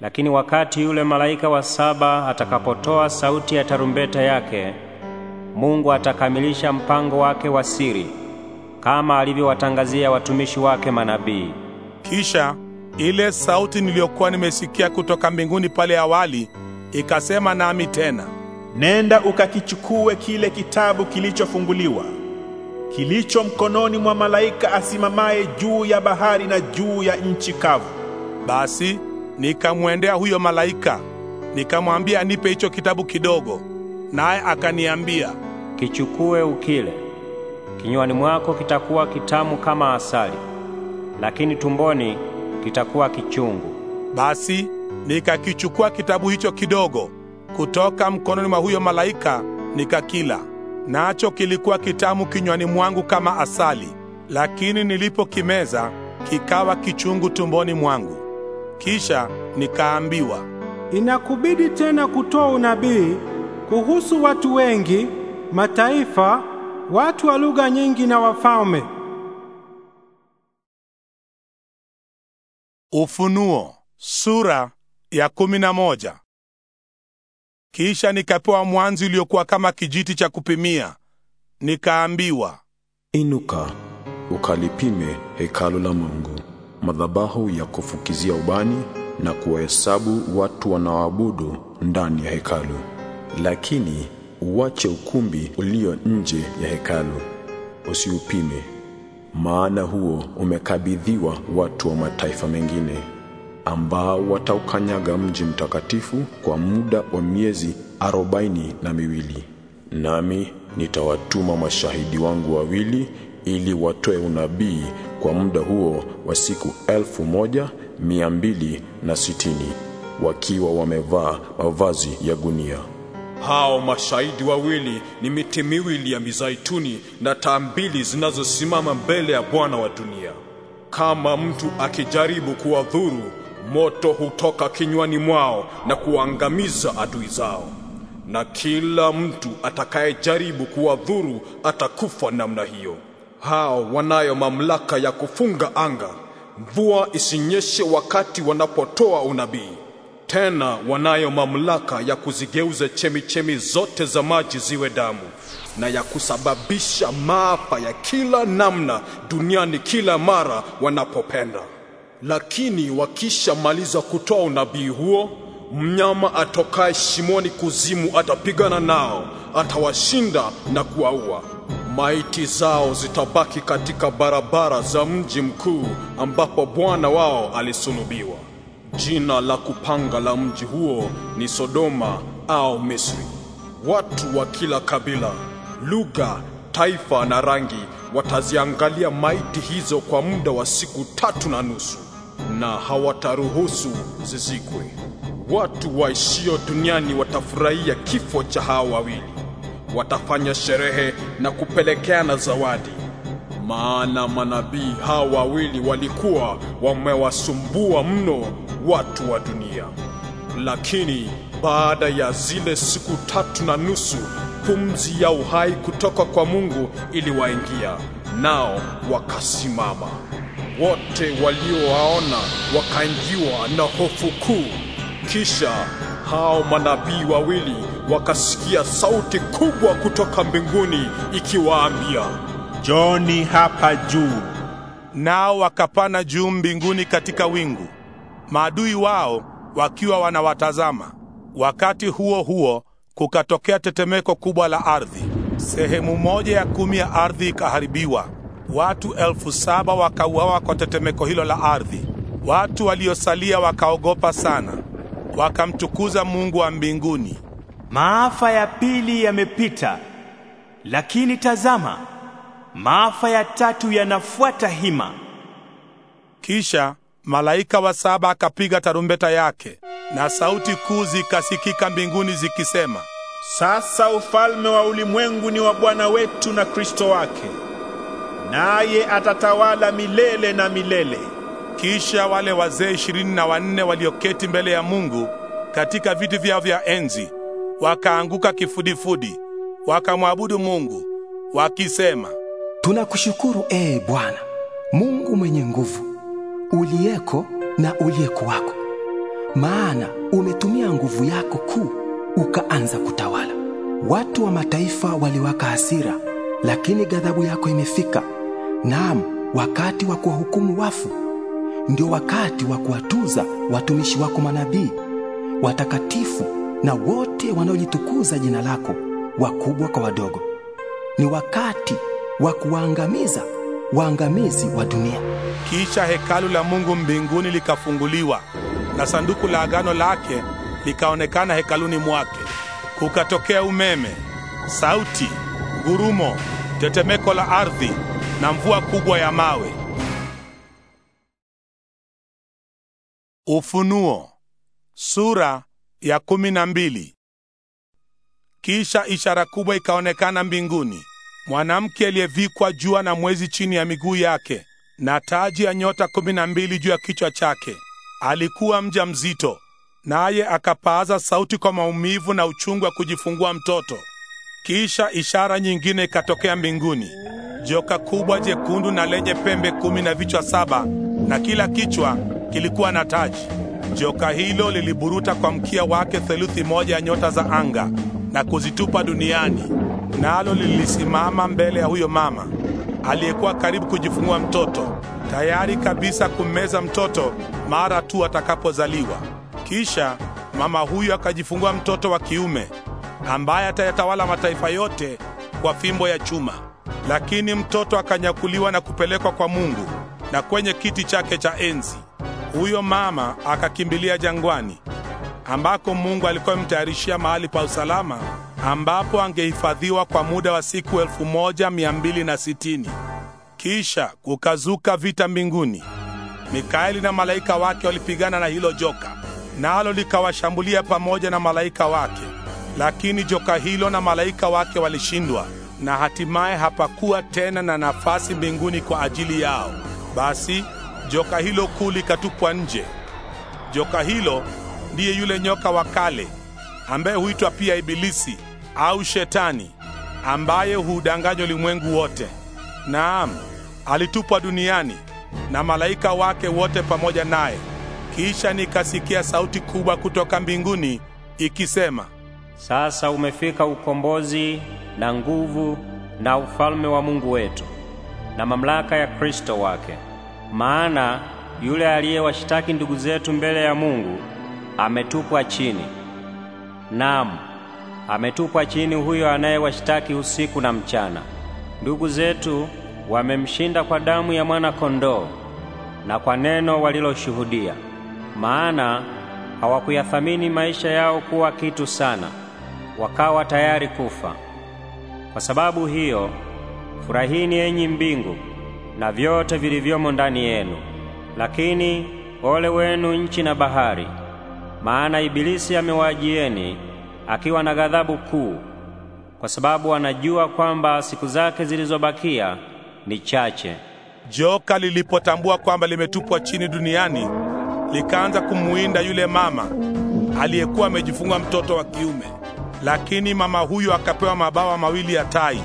Lakini wakati yule malaika wa saba atakapotoa sauti ya tarumbeta yake, Mungu atakamilisha mpango wake wa siri kama alivyowatangazia watumishi wake manabii. Kisha ile sauti niliyokuwa nimesikia kutoka mbinguni pale awali Ikasema nami tena, nenda ukakichukue kile kitabu kilichofunguliwa kilicho mkononi mwa malaika asimamaye juu ya bahari na juu ya nchi kavu. Basi nikamwendea huyo malaika nikamwambia, nipe hicho kitabu kidogo. Naye akaniambia, kichukue ukile, kinywani mwako kitakuwa kitamu kama asali, lakini tumboni kitakuwa kichungu. Basi Nikakichukua kitabu hicho kidogo kutoka mkononi mwa huyo malaika, nikakila. Nacho kilikuwa kitamu kinywani mwangu kama asali, lakini nilipokimeza kikawa kichungu tumboni mwangu. Kisha nikaambiwa, inakubidi tena kutoa unabii kuhusu watu wengi, mataifa, watu wa lugha nyingi na wafalme. Ufunuo sura ya kumi na moja. Kisha nikapewa mwanzi uliokuwa kama kijiti cha kupimia, nikaambiwa, inuka ukalipime hekalu la Mungu, madhabahu ya kufukizia ubani na kuwahesabu watu wanaoabudu ndani ya hekalu, lakini uwache ukumbi ulio nje ya hekalu, usiupime, maana huo umekabidhiwa watu wa mataifa mengine ambao wataukanyaga mji mtakatifu kwa muda wa miezi arobaini na miwili nami nitawatuma mashahidi wangu wawili ili watoe unabii kwa muda huo wa siku elfu moja mia mbili na sitini wakiwa wamevaa mavazi ya gunia. Hao mashahidi wawili ni miti miwili ya mizaituni na taa mbili zinazosimama mbele ya Bwana wa dunia. Kama mtu akijaribu kuwadhuru moto hutoka kinywani mwao na kuangamiza adui zao, na kila mtu atakayejaribu kuwadhuru atakufa namna hiyo. Hao wanayo mamlaka ya kufunga anga, mvua isinyeshe wakati wanapotoa unabii. Tena wanayo mamlaka ya kuzigeuza chemichemi zote za maji ziwe damu na ya kusababisha maafa ya kila namna duniani kila mara wanapopenda. Lakini wakishamaliza kutoa unabii huo, mnyama atokaye shimoni kuzimu atapigana nao, atawashinda na kuwaua. Maiti zao zitabaki katika barabara za mji mkuu ambapo Bwana wao alisulubiwa. Jina la kupanga la mji huo ni Sodoma au Misri. Watu wa kila kabila, lugha, taifa na rangi wataziangalia maiti hizo kwa muda wa siku tatu na nusu na hawataruhusu zizikwe. Watu waishio duniani watafurahia kifo cha hawa wawili, watafanya sherehe na kupelekeana zawadi, maana manabii hawa wawili walikuwa wamewasumbua mno watu wa dunia. Lakini baada ya zile siku tatu na nusu, pumzi ya uhai kutoka kwa Mungu iliwaingia, nao wakasimama. Wote waliowaona wakaingiwa na hofu kuu. Kisha hao manabii wawili wakasikia sauti kubwa kutoka mbinguni ikiwaambia, joni hapa juu. Nao wakapana juu mbinguni katika wingu, maadui wao wakiwa wanawatazama. Wakati huo huo kukatokea tetemeko kubwa la ardhi. Sehemu moja ya kumi ya ardhi ikaharibiwa watu elfu saba wakauawa kwa tetemeko hilo la ardhi. Watu waliosalia wakaogopa sana, wakamtukuza Mungu wa mbinguni. Maafa ya pili yamepita, lakini tazama, maafa ya tatu yanafuata hima. Kisha malaika wa saba akapiga tarumbeta yake, na sauti kuu zikasikika mbinguni zikisema, sasa ufalme wa ulimwengu ni wa Bwana wetu na Kristo wake naye atatawala milele na milele. Kisha wale wazee ishirini na wanne walioketi mbele ya Mungu katika viti vyao vya enzi wakaanguka kifudifudi, wakamwabudu Mungu wakisema, tunakushukuru ee Bwana Mungu mwenye nguvu, uliyeko na uliyekuwako, maana umetumia nguvu yako kuu ukaanza kutawala. Watu wa mataifa waliwaka hasira, lakini ghadhabu yako imefika Naam, wakati wa kuwahukumu wafu ndio wakati wa kuwatuza watumishi wako manabii watakatifu na wote wanaojitukuza jina lako, wakubwa kwa wadogo. Ni wakati wa kuwaangamiza waangamizi wa dunia. Kisha hekalu la Mungu mbinguni likafunguliwa na sanduku la agano lake likaonekana hekaluni mwake. Kukatokea umeme, sauti, ngurumo, tetemeko la ardhi na mvua kubwa ya mawe. Ufunuo sura ya kumi na mbili. Kisha ishara kubwa ikaonekana mbinguni, mwanamke aliyevikwa jua na mwezi chini ya miguu yake na taji ya nyota kumi na mbili juu ya kichwa chake. Alikuwa mja mzito, naye akapaaza sauti kwa maumivu na uchungu wa kujifungua mtoto. Kisha ishara nyingine ikatokea mbinguni, joka kubwa jekundu na lenye pembe kumi na vichwa saba, na kila kichwa kilikuwa na taji. Joka hilo liliburuta kwa mkia wake theluthi moja ya nyota za anga na kuzitupa duniani, nalo na lilisimama mbele ya huyo mama aliyekuwa karibu kujifungua mtoto, tayari kabisa kummeza mtoto mara tu atakapozaliwa. Kisha mama huyo akajifungua mtoto wa kiume ambaye atayatawala mataifa yote kwa fimbo ya chuma. Lakini mtoto akanyakuliwa na kupelekwa kwa Mungu na kwenye kiti chake cha enzi. Huyo mama akakimbilia jangwani, ambako Mungu alikuwa amemtayarishia mahali pa usalama, ambapo angehifadhiwa kwa muda wa siku elfu moja mia mbili na sitini. Kisha kukazuka vita mbinguni. Mikaeli na malaika wake walipigana na hilo joka, nalo na likawashambulia pamoja na malaika wake lakini joka hilo na malaika wake walishindwa, na hatimaye hapakuwa tena na nafasi mbinguni kwa ajili yao. Basi joka hilo kuu likatupwa nje. Joka hilo ndiye yule nyoka wa kale ambaye huitwa pia Ibilisi au Shetani, ambaye huudanganya ulimwengu wote. Naam, alitupwa duniani na malaika wake wote pamoja naye. Kisha nikasikia sauti kubwa kutoka mbinguni ikisema, sasa umefika ukombozi na nguvu na ufalme wa Mungu wetu na mamlaka ya Kristo wake. Maana yule aliyewashitaki ndugu zetu mbele ya Mungu ametupwa chini. Naam, ametupwa chini huyo anayewashitaki usiku na mchana. Ndugu zetu wamemshinda kwa damu ya mwana kondoo na kwa neno waliloshuhudia, maana hawakuyathamini maisha yao kuwa kitu sana wakawa tayari kufa. Kwa sababu hiyo, furahini enyi mbingu na vyote vilivyomo ndani yenu. Lakini ole wenu nchi na bahari, maana Ibilisi amewajieni akiwa na ghadhabu kuu, kwa sababu anajua kwamba siku zake zilizobakia ni chache. Joka lilipotambua kwamba limetupwa chini duniani, likaanza kumuinda yule mama aliyekuwa amejifunga mtoto wa kiume. Lakini mama huyu akapewa mabawa mawili ya tai,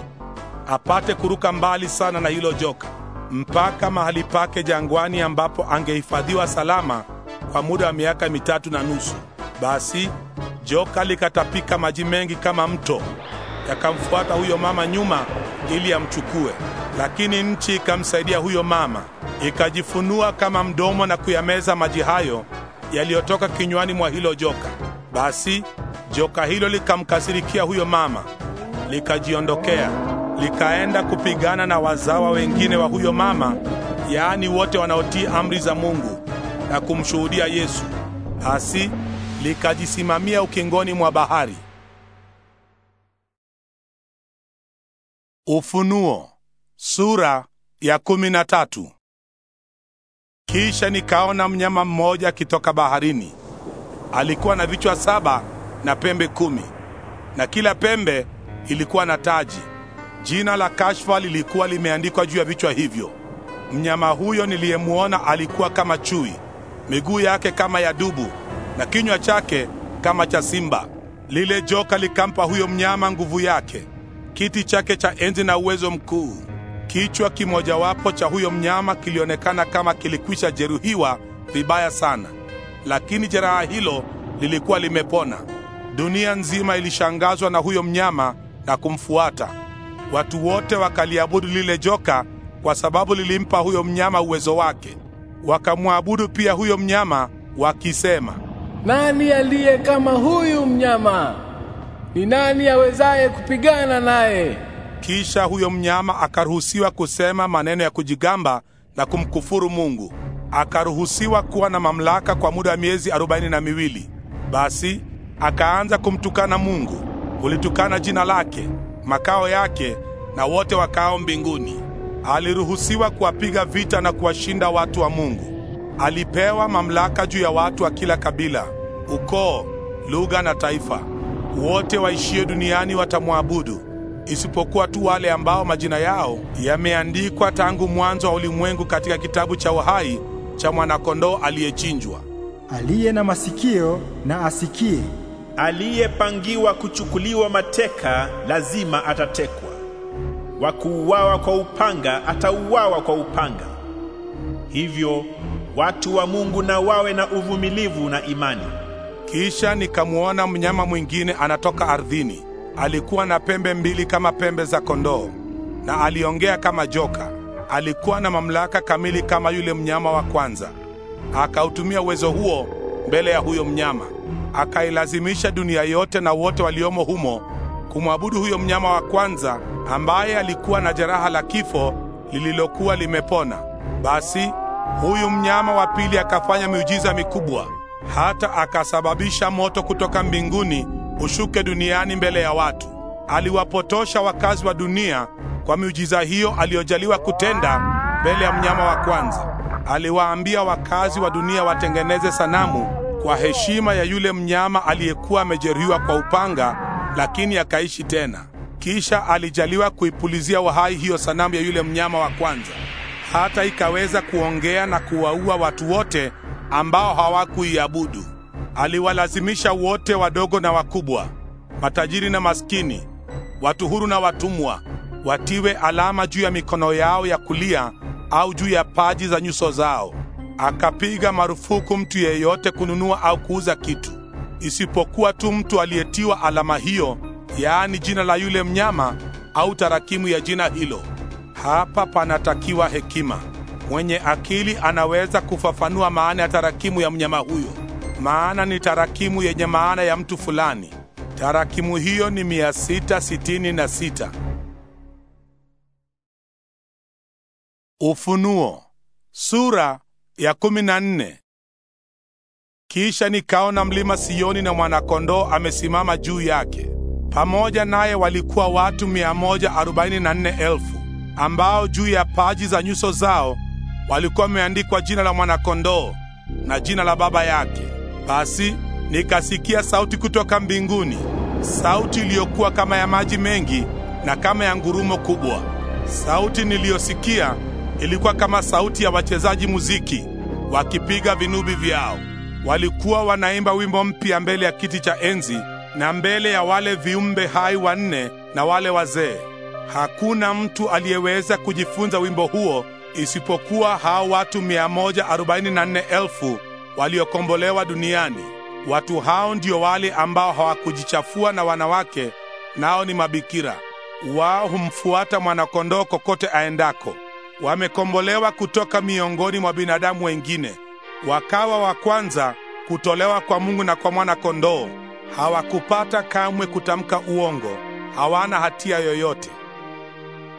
apate kuruka mbali sana na hilo joka, mpaka mahali pake jangwani, ambapo angehifadhiwa salama kwa muda wa miaka mitatu na nusu. Basi joka likatapika maji mengi kama mto, yakamfuata huyo mama nyuma ili amchukue. Lakini nchi ikamsaidia huyo mama, ikajifunua kama mdomo na kuyameza maji hayo yaliyotoka kinywani mwa hilo joka. Basi joka hilo likamkasirikia huyo mama, likajiondokea, likaenda kupigana na wazawa wengine wa huyo mama, yaani wote wanaotii amri za Mungu na kumshuhudia Yesu. Basi likajisimamia ukingoni mwa bahari. Ufunuo sura ya kumi na tatu. Kisha nikaona mnyama mmoja akitoka baharini alikuwa na vichwa saba na pembe kumi, na kila pembe ilikuwa na taji. Jina la kashfa lilikuwa limeandikwa juu ya vichwa hivyo. Mnyama huyo niliyemwona alikuwa kama chui, miguu yake kama ya dubu, na kinywa chake kama cha simba. Lile joka likampa huyo mnyama nguvu yake, kiti chake cha enzi na uwezo mkuu. Kichwa kimojawapo cha huyo mnyama kilionekana kama kilikwisha jeruhiwa vibaya sana lakini jeraha hilo lilikuwa limepona. Dunia nzima ilishangazwa na huyo mnyama na kumfuata. Watu wote wakaliabudu lile joka kwa sababu lilimpa huyo mnyama uwezo wake. Wakamwabudu pia huyo mnyama wakisema, nani aliye kama huyu mnyama? Ni nani awezaye kupigana naye? Kisha huyo mnyama akaruhusiwa kusema maneno ya kujigamba na kumkufuru Mungu akaruhusiwa kuwa na mamlaka kwa muda wa miezi arobaini na miwili. Basi akaanza kumtukana Mungu, kulitukana jina lake, makao yake na wote wakao mbinguni. Aliruhusiwa kuwapiga vita na kuwashinda watu wa Mungu. Alipewa mamlaka juu ya watu wa kila kabila, ukoo, lugha na taifa. Wote waishie duniani watamwabudu, isipokuwa tu wale ambao majina yao yameandikwa tangu mwanzo wa ulimwengu katika kitabu cha uhai cha mwanakondoo aliyechinjwa. Aliye na masikio na asikie. Aliyepangiwa kuchukuliwa mateka lazima atatekwa. Wa kuuawa kwa upanga atauawa kwa upanga. Hivyo watu wa Mungu na wawe na uvumilivu na imani. Kisha nikamwona mnyama mwingine anatoka ardhini. Alikuwa na pembe mbili kama pembe za kondoo na aliongea kama joka alikuwa na mamlaka kamili kama yule mnyama wa kwanza. Akautumia uwezo huo mbele ya huyo mnyama, akailazimisha dunia yote na wote waliomo humo kumwabudu huyo mnyama wa kwanza ambaye alikuwa na jeraha la kifo lililokuwa limepona. Basi huyu mnyama wa pili akafanya miujiza mikubwa, hata akasababisha moto kutoka mbinguni ushuke duniani mbele ya watu. Aliwapotosha wakazi wa dunia kwa miujiza hiyo aliyojaliwa kutenda mbele ya mnyama wa kwanza. Aliwaambia wakazi wa dunia watengeneze sanamu kwa heshima ya yule mnyama aliyekuwa amejeruhiwa kwa upanga, lakini akaishi tena. Kisha alijaliwa kuipulizia uhai hiyo sanamu ya yule mnyama wa kwanza, hata ikaweza kuongea na kuwaua watu wote ambao hawakuiabudu. Aliwalazimisha wote, wadogo na wakubwa, matajiri na maskini, watu huru na watumwa, watiwe alama juu ya mikono yao ya kulia au juu ya paji za nyuso zao. Akapiga marufuku mtu yeyote kununua au kuuza kitu, isipokuwa tu mtu aliyetiwa alama hiyo, yaani jina la yule mnyama au tarakimu ya jina hilo. Hapa panatakiwa hekima. Mwenye akili anaweza kufafanua maana ya tarakimu ya mnyama huyo. Maana ni tarakimu yenye maana ya mtu fulani. Tarakimu hiyo ni 666. Ufunuo sura ya kumi na nne. Kisha nikaona mlima Sioni na mwanakondoo amesimama juu yake, pamoja naye walikuwa watu elfu ambao juu ya paji za nyuso zao walikuwa wameandikwa jina la mwanakondoo na jina la baba yake. Basi nikasikia sauti kutoka mbinguni, sauti iliyokuwa kama ya maji mengi na kama ya ngurumo kubwa. Sauti niliyosikia ilikuwa kama sauti ya wachezaji muziki wakipiga vinubi vyao. Walikuwa wanaimba wimbo mpya mbele ya kiti cha enzi na mbele ya wale viumbe hai wanne na wale wazee. Hakuna mtu aliyeweza kujifunza wimbo huo isipokuwa hao watu 144,000 waliokombolewa duniani. Watu hao ndio wale ambao hawakujichafua na wanawake, nao ni mabikira. Wao humfuata mwanakondoo kokote aendako wamekombolewa kutoka miongoni mwa binadamu wengine, wakawa wa kwanza kutolewa kwa Mungu na kwa mwana-kondoo. Hawakupata kamwe kutamka uongo, hawana hatia yoyote.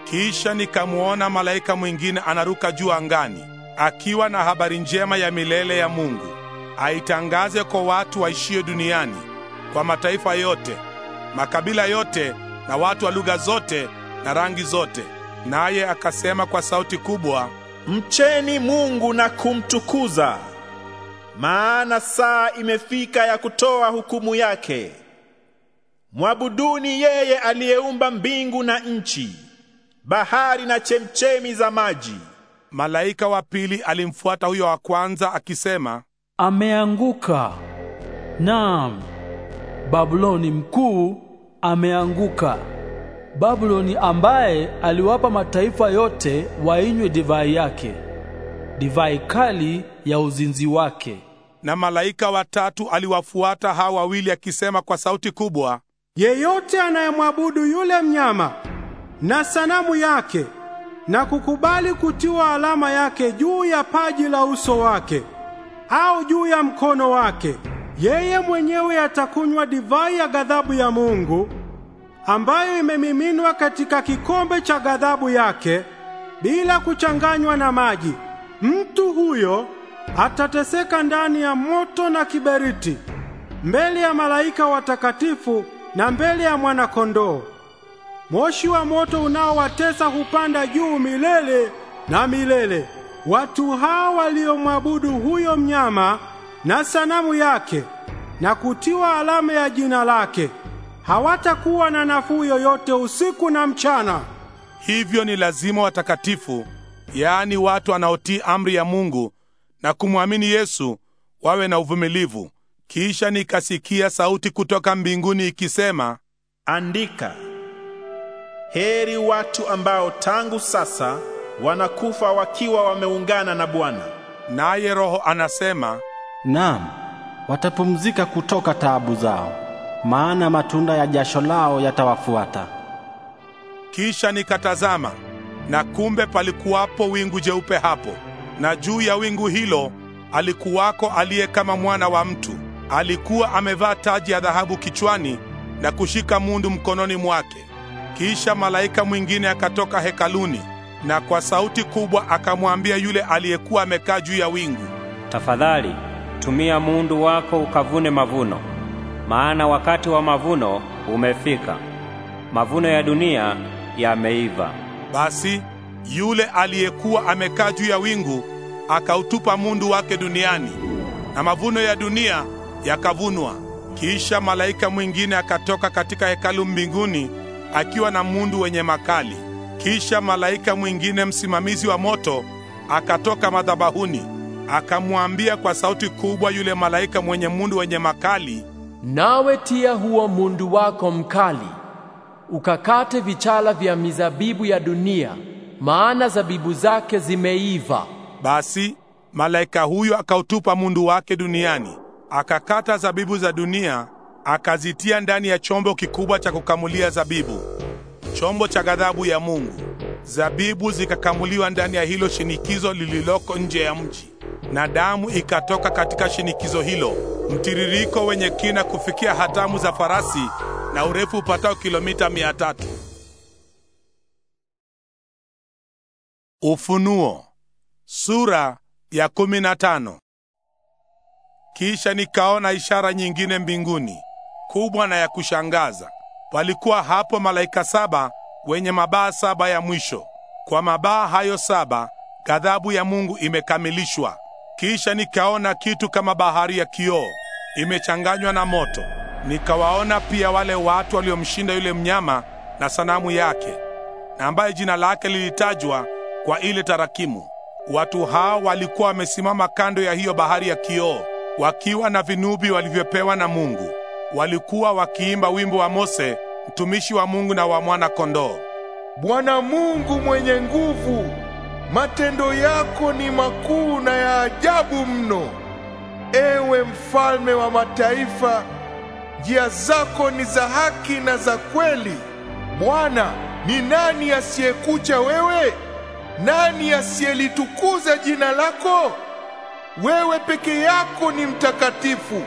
Kisha nikamwona malaika mwingine anaruka juu angani akiwa na habari njema ya milele ya Mungu, aitangaze kwa watu waishio duniani, kwa mataifa yote, makabila yote na watu wa lugha zote na rangi zote. Naye akasema kwa sauti kubwa, mcheni Mungu na kumtukuza, maana saa imefika ya kutoa hukumu yake. Mwabuduni yeye aliyeumba mbingu na nchi, bahari na chemchemi za maji. Malaika wa pili alimfuata huyo wa kwanza akisema, ameanguka. Naam, Babuloni mkuu ameanguka. Babuloni ambaye aliwapa mataifa yote wainywe divai yake, divai kali ya uzinzi wake. Na malaika watatu aliwafuata hao wawili akisema kwa sauti kubwa, yeyote anayemwabudu yule mnyama na sanamu yake na kukubali kutiwa alama yake juu ya paji la uso wake au juu ya mkono wake, yeye mwenyewe atakunywa divai ya ghadhabu ya Mungu ambayo imemiminwa katika kikombe cha ghadhabu yake bila kuchanganywa na maji. Mtu huyo atateseka ndani ya moto na kiberiti mbele ya malaika watakatifu na mbele ya mwana-kondoo. Moshi wa moto unaowatesa hupanda juu milele na milele. Watu hawa waliomwabudu huyo mnyama na sanamu yake na kutiwa alama ya jina lake hawatakuwa na nafuu yoyote usiku na mchana. Hivyo ni lazima watakatifu, yaani watu wanaotii amri ya Mungu na kumwamini Yesu, wawe na uvumilivu. Kisha nikasikia sauti kutoka mbinguni ikisema, andika, heri watu ambao tangu sasa wanakufa wakiwa wameungana na Bwana. Naye Roho anasema, naam, watapumzika kutoka taabu zao maana matunda ya jasho lao yatawafuata. Kisha nikatazama na kumbe palikuwapo wingu jeupe hapo, na juu ya wingu hilo alikuwako aliye kama mwana wa mtu. Alikuwa amevaa taji ya dhahabu kichwani na kushika mundu mkononi mwake. Kisha malaika mwingine akatoka hekaluni na kwa sauti kubwa akamwambia yule aliyekuwa amekaa juu ya wingu, tafadhali tumia mundu wako ukavune mavuno maana wakati wa mavuno umefika. Mavuno ya dunia yameiva. Basi yule aliyekuwa amekaa juu ya wingu akautupa mundu wake duniani, na mavuno ya dunia yakavunwa. Kisha malaika mwingine akatoka katika hekalu mbinguni akiwa na mundu wenye makali. Kisha malaika mwingine msimamizi wa moto akatoka madhabahuni, akamwambia kwa sauti kubwa yule malaika mwenye mundu wenye makali, Nawe tia huo mundu wako mkali, ukakate vichala vya mizabibu ya dunia, maana zabibu zake zimeiva. Basi malaika huyo akautupa mundu wake duniani, akakata zabibu za dunia, akazitia ndani ya chombo kikubwa cha kukamulia zabibu, chombo cha ghadhabu ya Mungu zabibu zikakamuliwa ndani ya hilo shinikizo lililoko nje ya mji, na damu ikatoka katika shinikizo hilo, mtiririko wenye kina kufikia hatamu za farasi na urefu upatao kilomita mia tatu. Ufunuo sura ya kumi na tano. Kisha nikaona ishara nyingine mbinguni kubwa na ya kushangaza. Walikuwa hapo malaika saba wenye mabaa saba ya mwisho. Kwa mabaa hayo saba ghadhabu ya Mungu imekamilishwa. Kisha nikaona kitu kama bahari ya kioo imechanganywa na moto. Nikawaona pia wale watu waliomshinda yule mnyama na sanamu yake, na ambaye jina lake lilitajwa kwa ile tarakimu. Watu hao walikuwa wamesimama kando ya hiyo bahari ya kioo wakiwa na vinubi walivyopewa na Mungu. Walikuwa wakiimba wimbo wa Mose mtumishi wa Mungu na wa mwana kondoo. Bwana Mungu mwenye nguvu, matendo yako ni makuu na ya ajabu mno. Ewe mfalme wa mataifa, njia zako ni za haki na za kweli. Bwana, ni nani asiyekucha wewe? Nani asiyelitukuza jina lako? Wewe peke yako ni mtakatifu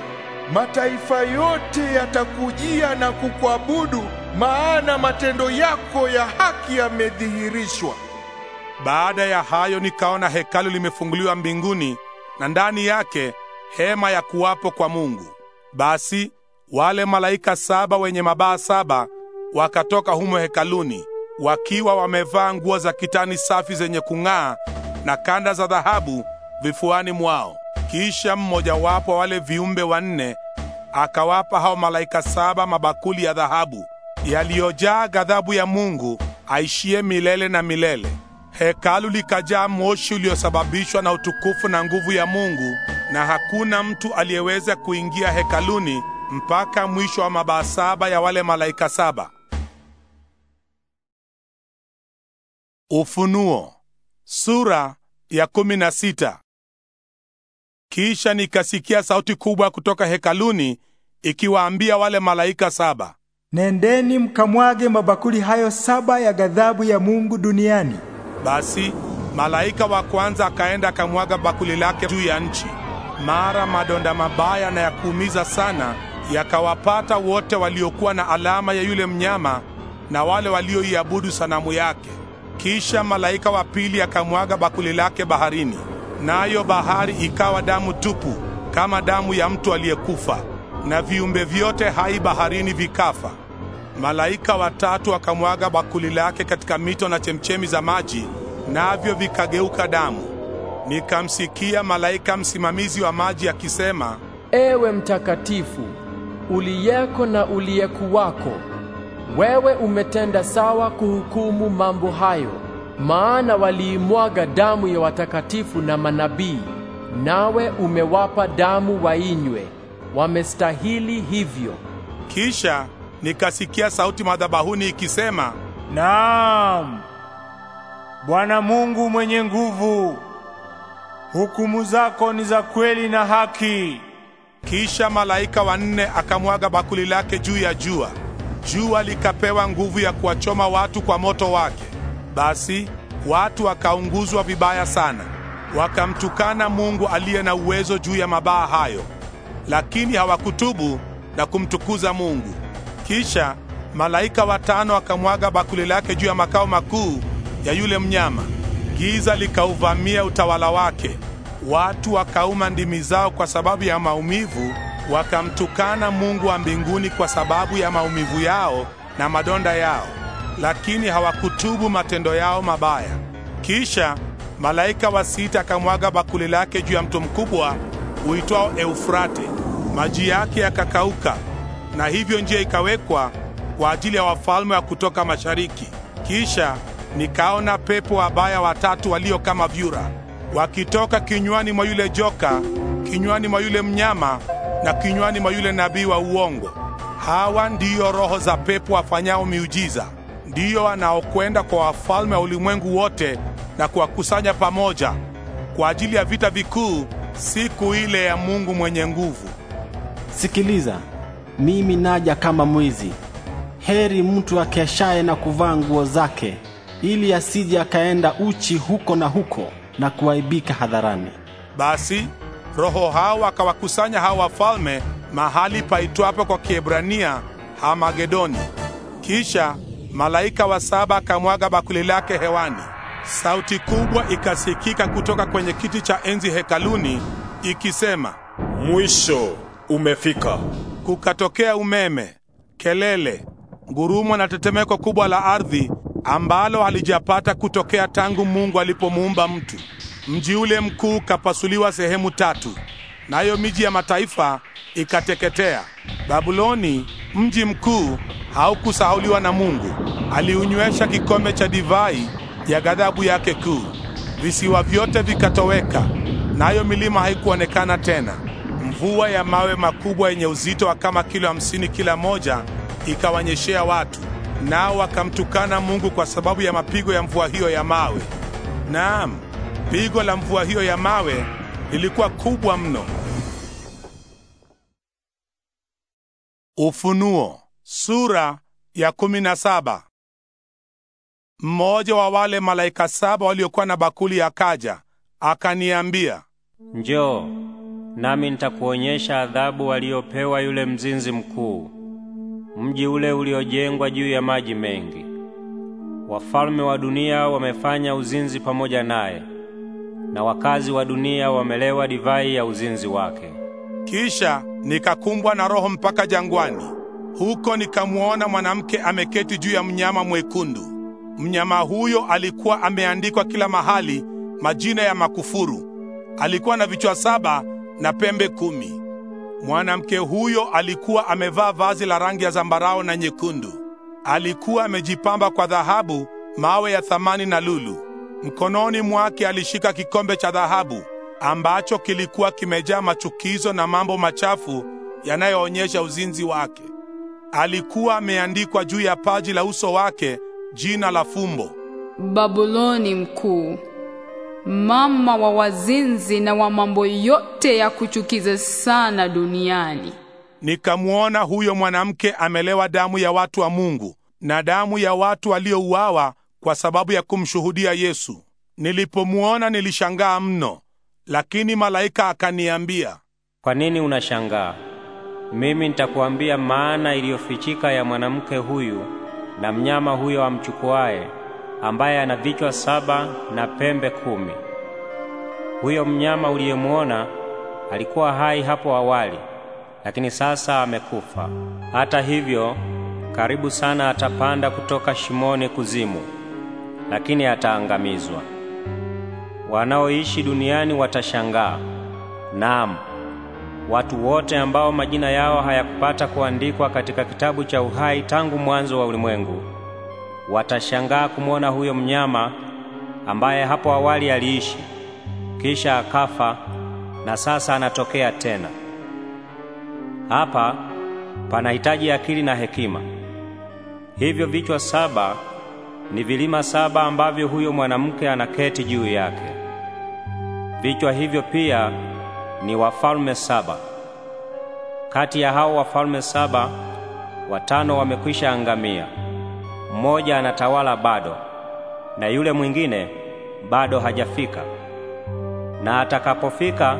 mataifa yote yatakujia na kukuabudu, maana matendo yako ya haki yamedhihirishwa. Baada ya hayo, nikaona hekalu limefunguliwa mbinguni na ndani yake hema ya kuwapo kwa Mungu. Basi wale malaika saba wenye mabaa saba wakatoka humo hekaluni wakiwa wamevaa nguo za kitani safi zenye kung'aa na kanda za dhahabu vifuani mwao. Kisha mmojawapo wa wale viumbe wanne akawapa hao malaika saba mabakuli ya dhahabu yaliyojaa ghadhabu ya Mungu aishie milele na milele. Hekalu likajaa moshi uliosababishwa na utukufu na nguvu ya Mungu, na hakuna mtu aliyeweza kuingia hekaluni mpaka mwisho wa mabaa saba ya wale malaika saba. Ufunuo sura ya kumi na sita. Kisha nikasikia sauti kubwa kutoka hekaluni ikiwaambia wale malaika saba, nendeni mkamwage mabakuli hayo saba ya ghadhabu ya Mungu duniani. Basi malaika wa kwanza akaenda akamwaga bakuli lake juu ya nchi. Mara madonda mabaya na ya kuumiza sana yakawapata wote waliokuwa na alama ya yule mnyama na wale walioiabudu sanamu yake. Kisha malaika wa pili akamwaga bakuli lake baharini nayo bahari ikawa damu tupu kama damu ya mtu aliyekufa, na viumbe vyote hai baharini vikafa. Malaika watatu akamwaga bakuli lake katika mito na chemchemi za maji, navyo vikageuka damu. Nikamsikia malaika msimamizi wa maji akisema, Ewe mtakatifu, uliyeko na uliyekuwako, wewe umetenda sawa kuhukumu mambo hayo maana waliimwaga damu ya watakatifu na manabii, nawe umewapa damu wainywe, wamestahili hivyo. Kisha nikasikia sauti madhabahuni ikisema, naam, Bwana Mungu mwenye nguvu, hukumu zako ni za kweli na haki. Kisha malaika wanne akamwaga bakuli lake juu ya jua, jua likapewa nguvu ya kuwachoma watu kwa moto wake. Basi watu wakaunguzwa vibaya sana, wakamtukana Mungu aliye na uwezo juu ya mabaa hayo, lakini hawakutubu na kumtukuza Mungu. Kisha malaika watano akamwaga bakuli lake juu ya makao makuu ya yule mnyama. Giza likauvamia utawala wake, watu wakauma ndimi zao kwa sababu ya maumivu, wakamtukana Mungu wa mbinguni kwa sababu ya maumivu yao na madonda yao lakini hawakutubu matendo yao mabaya. Kisha malaika wa sita akamwaga bakuli lake juu ya mto mkubwa uitwao Eufrate, maji yake yakakauka, na hivyo njia ikawekwa kwa ajili ya wafalme wa kutoka mashariki. Kisha nikaona pepo wabaya watatu walio kama vyura wakitoka kinywani mwa yule joka, kinywani mwa yule mnyama na kinywani mwa yule nabii wa uongo. Hawa ndiyo roho za pepo wafanyao miujiza ndiyo anaokwenda kwa wafalme wa ulimwengu wote na kuwakusanya pamoja kwa ajili ya vita vikuu, siku ile ya Mungu mwenye nguvu. Sikiliza, mimi naja kama mwizi. Heri mtu akeshaye na kuvaa nguo zake, ili asije akaenda uchi huko na huko na kuaibika hadharani. Basi roho hao akawakusanya hao wafalme mahali paitwapo kwa Kiebrania Hamagedoni. Kisha Malaika wa saba akamwaga bakuli lake hewani. Sauti kubwa ikasikika kutoka kwenye kiti cha enzi hekaluni ikisema, mwisho umefika. Kukatokea umeme, kelele, ngurumo na tetemeko kubwa la ardhi ambalo halijapata kutokea tangu Mungu alipomuumba mtu. Mji ule mkuu kapasuliwa sehemu tatu nayo miji ya mataifa ikateketea. Babuloni mji mkuu haukusahauliwa na Mungu, aliunywesha kikombe cha divai ya ghadhabu yake kuu. Visiwa vyote vikatoweka, nayo milima haikuonekana tena. Mvua ya mawe makubwa yenye uzito wa kama kilo hamsini kila moja ikawanyeshea watu, nao wakamtukana Mungu kwa sababu ya mapigo ya mvua hiyo ya mawe. Naam, pigo la mvua hiyo ya mawe ilikuwa kubwa mno. Ufunuo sura ya kumi na saba. Mmoja wa wale malaika saba waliokuwa na bakuli akaja akaniambia, njoo nami nitakuonyesha adhabu waliopewa yule mzinzi mkuu, mji ule uliojengwa juu ya maji mengi. Wafalme wa dunia wamefanya uzinzi pamoja naye na wakazi wa dunia wamelewa divai ya uzinzi wake. Kisha nikakumbwa na Roho mpaka jangwani. Huko nikamwona mwanamke ameketi juu ya mnyama mwekundu. Mnyama huyo alikuwa ameandikwa kila mahali majina ya makufuru. Alikuwa na vichwa saba na pembe kumi. Mwanamke huyo alikuwa amevaa vazi la rangi ya zambarao na nyekundu. Alikuwa amejipamba kwa dhahabu, mawe ya thamani na lulu. Mkononi mwake alishika kikombe cha dhahabu ambacho kilikuwa kimejaa machukizo na mambo machafu yanayoonyesha uzinzi wake. Alikuwa ameandikwa juu ya paji la uso wake jina la fumbo, Babuloni mkuu, mama wa wazinzi na wa mambo yote ya kuchukiza sana duniani. Nikamwona huyo mwanamke amelewa damu ya watu wa Mungu na damu ya watu waliouawa kwa sababu ya kumshuhudia Yesu. Nilipomwona nilishangaa mno, lakini malaika akaniambia, kwa nini unashangaa? Mimi nitakuambia maana iliyofichika ya mwanamke huyu na mnyama huyo amchukuaye, ambaye ana vichwa saba na pembe kumi. Huyo mnyama uliyemwona alikuwa hai hapo awali, lakini sasa amekufa. Hata hivyo, karibu sana atapanda kutoka shimoni kuzimu lakini ataangamizwa. Wanaoishi duniani watashangaa. Naam, watu wote ambao majina yao hayakupata kuandikwa katika kitabu cha uhai tangu mwanzo wa ulimwengu watashangaa kumwona huyo mnyama ambaye hapo awali aliishi kisha akafa na sasa anatokea tena. Hapa panahitaji akili na hekima. Hivyo vichwa saba ni vilima saba ambavyo huyo mwanamke anaketi juu yake. Vichwa hivyo pia ni wafalme saba. Kati ya hao wafalme saba, watano wamekwisha angamia. Mmoja anatawala bado, na yule mwingine bado hajafika, na atakapofika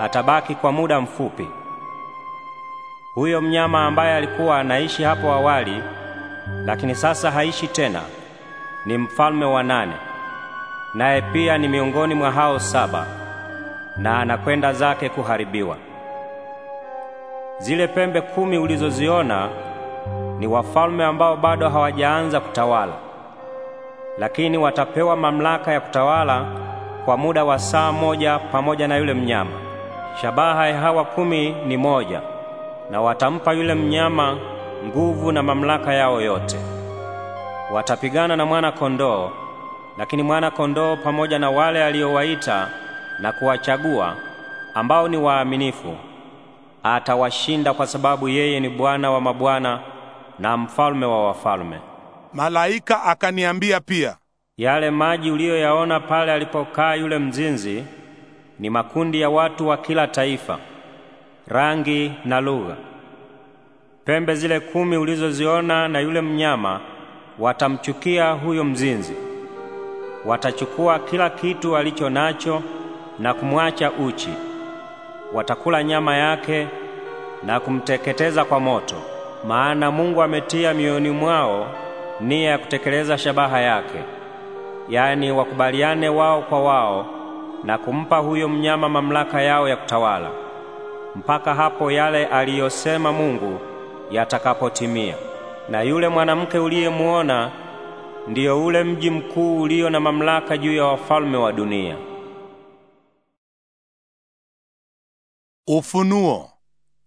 atabaki kwa muda mfupi. Huyo mnyama ambaye alikuwa anaishi hapo awali, lakini sasa haishi tena ni mfalme wa nane, naye pia ni miongoni mwa hao saba, na anakwenda zake kuharibiwa. Zile pembe kumi ulizoziona ni wafalme ambao bado hawajaanza kutawala, lakini watapewa mamlaka ya kutawala kwa muda wa saa moja pamoja na yule mnyama. Shabaha ya hawa kumi ni moja, na watampa yule mnyama nguvu na mamlaka yao yote watapigana na mwana-kondoo, lakini mwana-kondoo pamoja na wale aliowaita na kuwachagua ambao ni waaminifu atawashinda, kwa sababu yeye ni Bwana wa mabwana na mfalme wa wafalme. Malaika akaniambia pia, yale maji uliyoyaona pale alipokaa yule mzinzi ni makundi ya watu wa kila taifa, rangi na lugha. Pembe zile kumi ulizoziona na yule mnyama watamchukia huyo mzinzi, watachukua kila kitu alicho nacho na kumwacha uchi. Watakula nyama yake na kumteketeza kwa moto, maana Mungu ametia mioyoni mwao nia ya kutekeleza shabaha yake, yaani wakubaliane wao kwa wao na kumpa huyo mnyama mamlaka yao ya kutawala mpaka hapo yale aliyosema Mungu yatakapotimia na yule mwanamke uliyemuona ndiyo ule mji mkuu ulio na mamlaka juu ya wafalme wa dunia. Ufunuo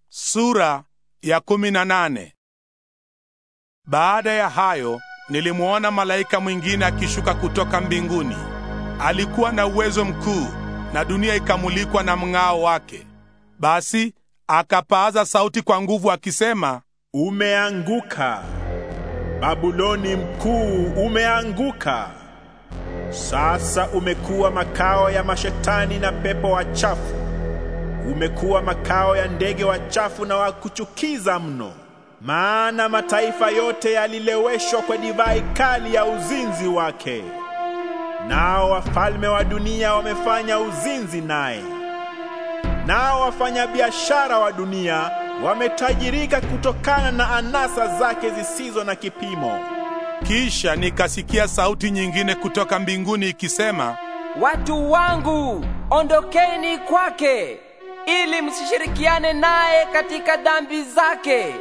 sura ya kumi na nane. Baada ya hayo nilimuona malaika mwingine akishuka kutoka mbinguni. Alikuwa na uwezo mkuu, na dunia ikamulikwa na mng'ao wake. Basi akapaaza sauti kwa nguvu akisema, Umeanguka Babuloni mkuu, umeanguka! Sasa umekuwa makao ya mashetani na pepo wachafu, umekuwa makao ya ndege wachafu na wakuchukiza mno. Maana mataifa yote yalileweshwa kwa divai kali ya uzinzi wake, nao wafalme wa dunia wamefanya uzinzi naye, nao wafanyabiashara wa dunia wametajirika kutokana na anasa zake zisizo na kipimo. Kisha nikasikia sauti nyingine kutoka mbinguni ikisema, watu wangu ondokeni kwake, ili msishirikiane naye katika dhambi zake,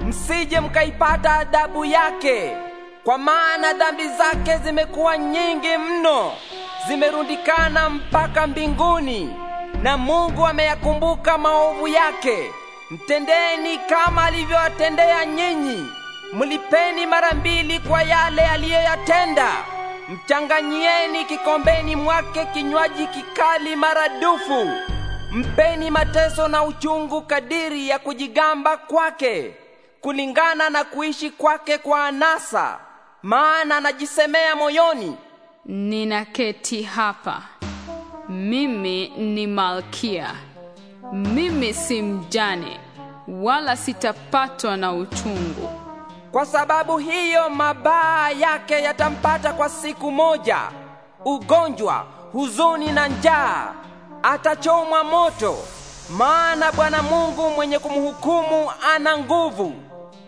msije mkaipata adhabu yake, kwa maana dhambi zake zimekuwa nyingi mno, zimerundikana mpaka mbinguni, na Mungu ameyakumbuka maovu yake mtendeni kama alivyowatendea nyinyi. Mlipeni mara mbili kwa yale aliyoyatenda. Mchanganyieni kikombeni mwake kinywaji kikali maradufu. Mpeni mateso na uchungu kadiri ya kujigamba kwake, kulingana na kuishi kwake kwa anasa, maana anajisemea moyoni, ninaketi hapa mimi ni malkia mimi si mjane wala sitapatwa na uchungu. Kwa sababu hiyo mabaa yake yatampata kwa siku moja: ugonjwa, huzuni na njaa. Atachomwa moto, maana Bwana Mungu mwenye kumhukumu ana nguvu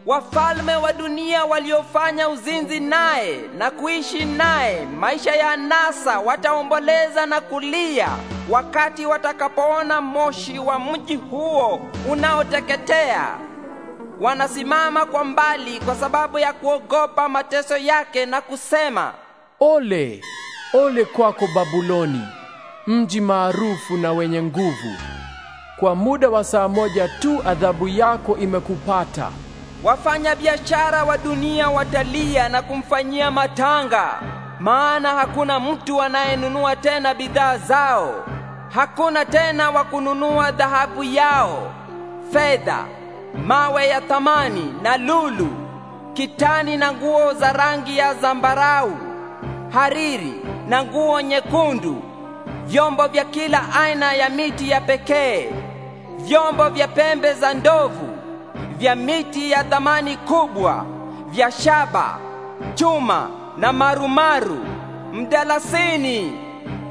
wafalme wa dunia waliofanya uzinzi naye na kuishi naye maisha ya nasa wataomboleza na kulia wakati watakapoona moshi wa mji huo unaoteketea. Wanasimama kwa mbali kwa sababu ya kuogopa mateso yake na kusema, ole ole kwako Babuloni, mji maarufu na wenye nguvu! Kwa muda wa saa moja tu adhabu yako imekupata. Wafanyabiashara wa dunia watalia na kumfanyia matanga, maana hakuna mtu anayenunua tena bidhaa zao. Hakuna tena wa kununua dhahabu yao, fedha, mawe ya thamani na lulu, kitani na nguo za rangi ya zambarau, hariri na nguo nyekundu, vyombo vya kila aina ya miti ya pekee, vyombo vya pembe za ndovu vya miti ya thamani kubwa vya shaba, chuma na marumaru, mdalasini,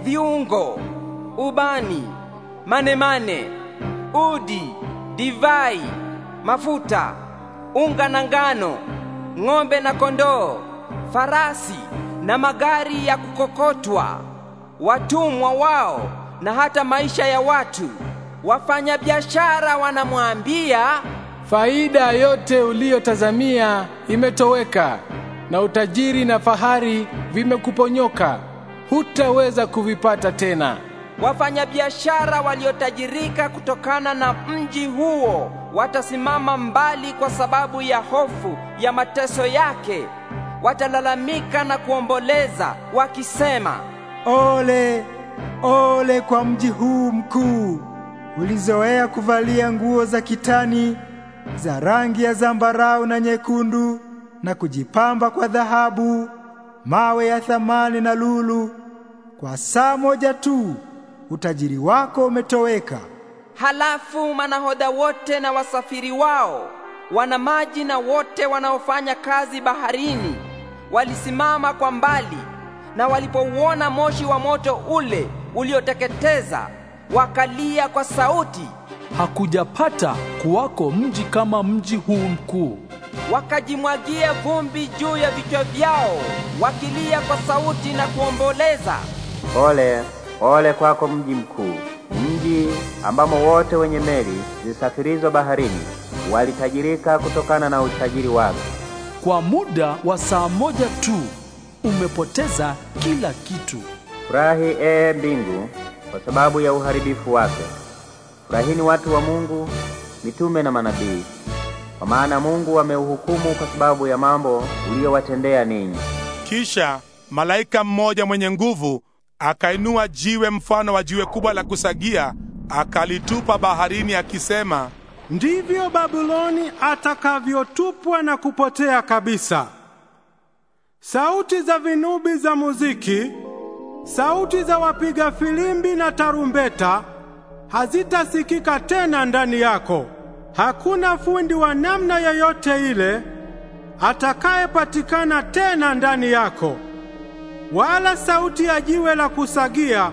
viungo, ubani, manemane, udi, divai, mafuta, unga na ngano, ng'ombe na kondoo, farasi na magari ya kukokotwa, watumwa wao na hata maisha ya watu. Wafanyabiashara wanamwambia Faida yote uliyotazamia imetoweka na utajiri na fahari vimekuponyoka, hutaweza kuvipata tena. Wafanyabiashara waliotajirika kutokana na mji huo watasimama mbali kwa sababu ya hofu ya mateso yake. Watalalamika na kuomboleza wakisema, ole ole kwa mji huu mkuu! Ulizoea kuvalia nguo za kitani za rangi ya zambarau na nyekundu na kujipamba kwa dhahabu, mawe ya thamani na lulu. Kwa saa moja tu utajiri wako umetoweka. Halafu manahodha wote na wasafiri wao, wana maji na wote wanaofanya kazi baharini walisimama kwa mbali, na walipouona moshi wa moto ule ulioteketeza, wakalia kwa sauti hakujapata kuwako mji kama mji huu mkuu. Wakajimwagia vumbi juu ya vichwa vyao, wakilia kwa sauti na kuomboleza, ole ole kwako mji mkuu, mji ambamo wote wenye meli zisafirizwa baharini walitajirika kutokana na utajiri wake. Kwa muda wa saa moja tu umepoteza kila kitu. Furahi ee mbingu, kwa sababu ya uharibifu wake. Furahini watu wa Mungu, mitume na manabii, kwa maana Mungu ameuhukumu kwa sababu ya mambo uliyowatendea ninyi. Kisha malaika mmoja mwenye nguvu akainua jiwe mfano wa jiwe kubwa la kusagia, akalitupa baharini akisema, ndivyo Babuloni atakavyotupwa na kupotea kabisa. Sauti za vinubi za muziki, sauti za wapiga filimbi na tarumbeta hazitasikika tena ndani yako. Hakuna fundi wa namna yoyote ile atakayepatikana tena ndani yako, wala sauti ya jiwe la kusagia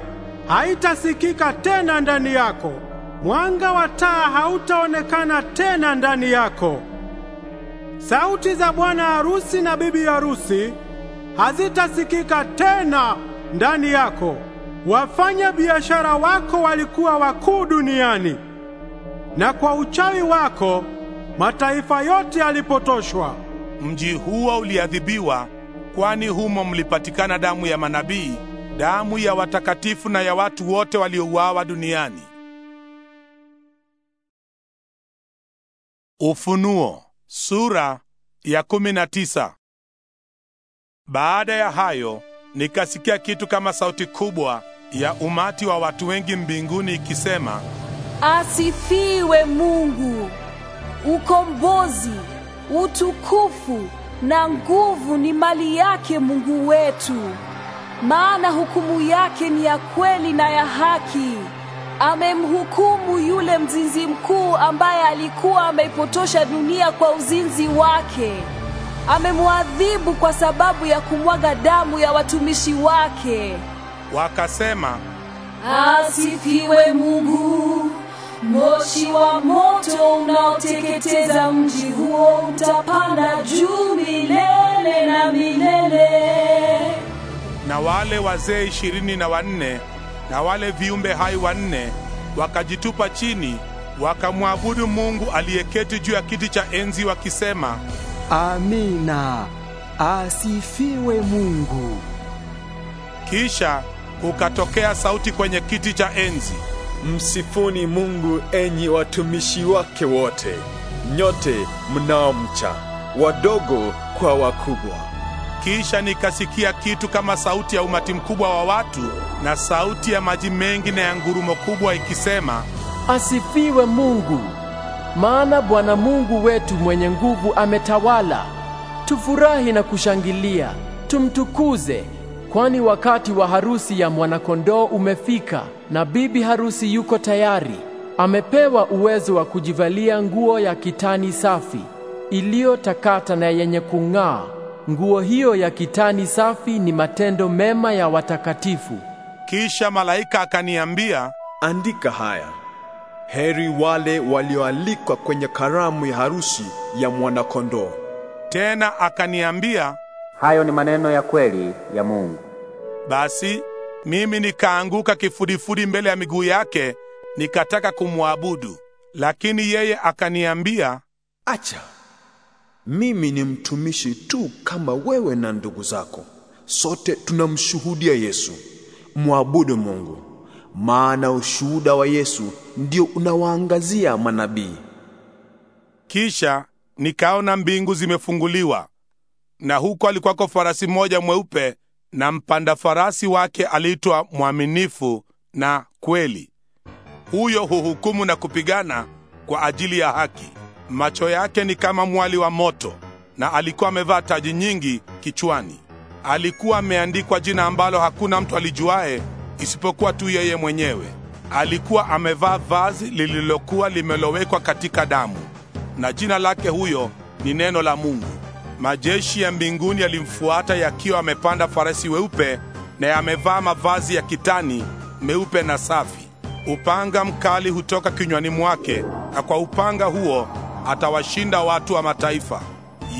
haitasikika tena ndani yako. Mwanga wa taa hautaonekana tena ndani yako. Sauti za bwana harusi na bibi harusi hazitasikika tena ndani yako. Wafanya biashara wako walikuwa wakuu duniani, na kwa uchawi wako mataifa yote yalipotoshwa. Mji huo uliadhibiwa, kwani humo mlipatikana damu ya manabii, damu ya watakatifu na ya watu wote waliouawa duniani. Ufunuo sura ya kumi na tisa. Baada ya hayo nikasikia kitu kama sauti kubwa ya umati wa watu wengi mbinguni ikisema, Asifiwe Mungu! Ukombozi, utukufu na nguvu ni mali yake Mungu wetu. Maana hukumu yake ni ya kweli na ya haki. Amemhukumu yule mzinzi mkuu ambaye alikuwa ameipotosha dunia kwa uzinzi wake. Amemwadhibu kwa sababu ya kumwaga damu ya watumishi wake wakasema, asifiwe Mungu. Moshi wa moto unaoteketeza mji huo utapanda juu milele na milele. Na wale wazee ishirini na wanne na wale viumbe hai wanne wakajitupa chini wakamwabudu Mungu aliyeketi juu ya kiti cha enzi wakisema, Amina, asifiwe Mungu. Kisha kukatokea sauti kwenye kiti cha enzi, msifuni Mungu enyi watumishi wake wote, nyote mnaomcha, wadogo kwa wakubwa. Kisha nikasikia kitu kama sauti ya umati mkubwa wa watu na sauti ya maji mengi na ya ngurumo kubwa ikisema, asifiwe Mungu, maana Bwana Mungu wetu mwenye nguvu ametawala. Tufurahi na kushangilia, tumtukuze kwani wakati wa harusi ya mwanakondoo umefika na bibi harusi yuko tayari. Amepewa uwezo wa kujivalia nguo ya kitani safi iliyotakata na yenye kung'aa. Nguo hiyo ya kitani safi ni matendo mema ya watakatifu. Kisha malaika akaniambia, andika haya: heri wale walioalikwa kwenye karamu ya harusi ya mwanakondoo. Tena akaniambia, Hayo ni maneno ya kweli ya Mungu. Basi mimi nikaanguka kifudifudi mbele ya miguu yake, nikataka kumwabudu, lakini yeye akaniambia, acha, mimi ni mtumishi tu kama wewe na ndugu zako. Sote tunamshuhudia Yesu. Mwabudu Mungu, maana ushuhuda wa Yesu ndio unawaangazia manabii. Kisha nikaona mbingu zimefunguliwa na huko alikuwako farasi mmoja mweupe, na mpanda farasi wake aliitwa Mwaminifu na Kweli. Huyo huhukumu na kupigana kwa ajili ya haki. Macho yake ni kama mwali wa moto, na alikuwa amevaa taji nyingi kichwani. Alikuwa ameandikwa jina ambalo hakuna mtu alijuae isipokuwa tu yeye mwenyewe. Alikuwa amevaa vazi lililokuwa limelowekwa katika damu, na jina lake huyo ni neno la Mungu. Majeshi ya mbinguni yalimfuata yakiwa amepanda farasi weupe na yamevaa mavazi ya kitani meupe na safi. Upanga mkali hutoka kinywani mwake, na kwa upanga huo atawashinda watu wa mataifa.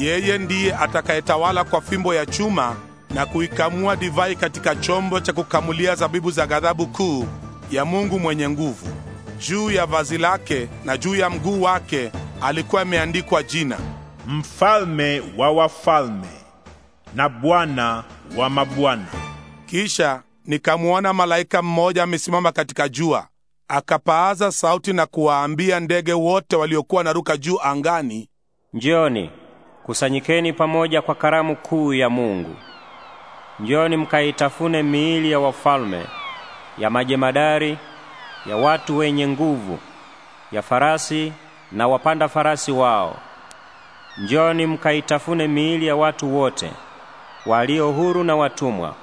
Yeye ndiye atakayetawala kwa fimbo ya chuma na kuikamua divai katika chombo cha kukamulia zabibu za ghadhabu kuu ya Mungu mwenye nguvu. Juu ya vazi lake na juu ya mguu wake alikuwa imeandikwa jina mfalme wa wafalme na bwana wa mabwana. Kisha nikamwona malaika mmoja amesimama katika jua, akapaaza sauti na kuwaambia ndege wote waliokuwa na ruka juu angani, Njoni kusanyikeni pamoja kwa karamu kuu ya Mungu. Njoni mkaitafune miili ya wafalme, ya majemadari, ya watu wenye nguvu, ya farasi na wapanda farasi wao Njoni mkaitafune miili ya watu wote, walio huru na watumwa,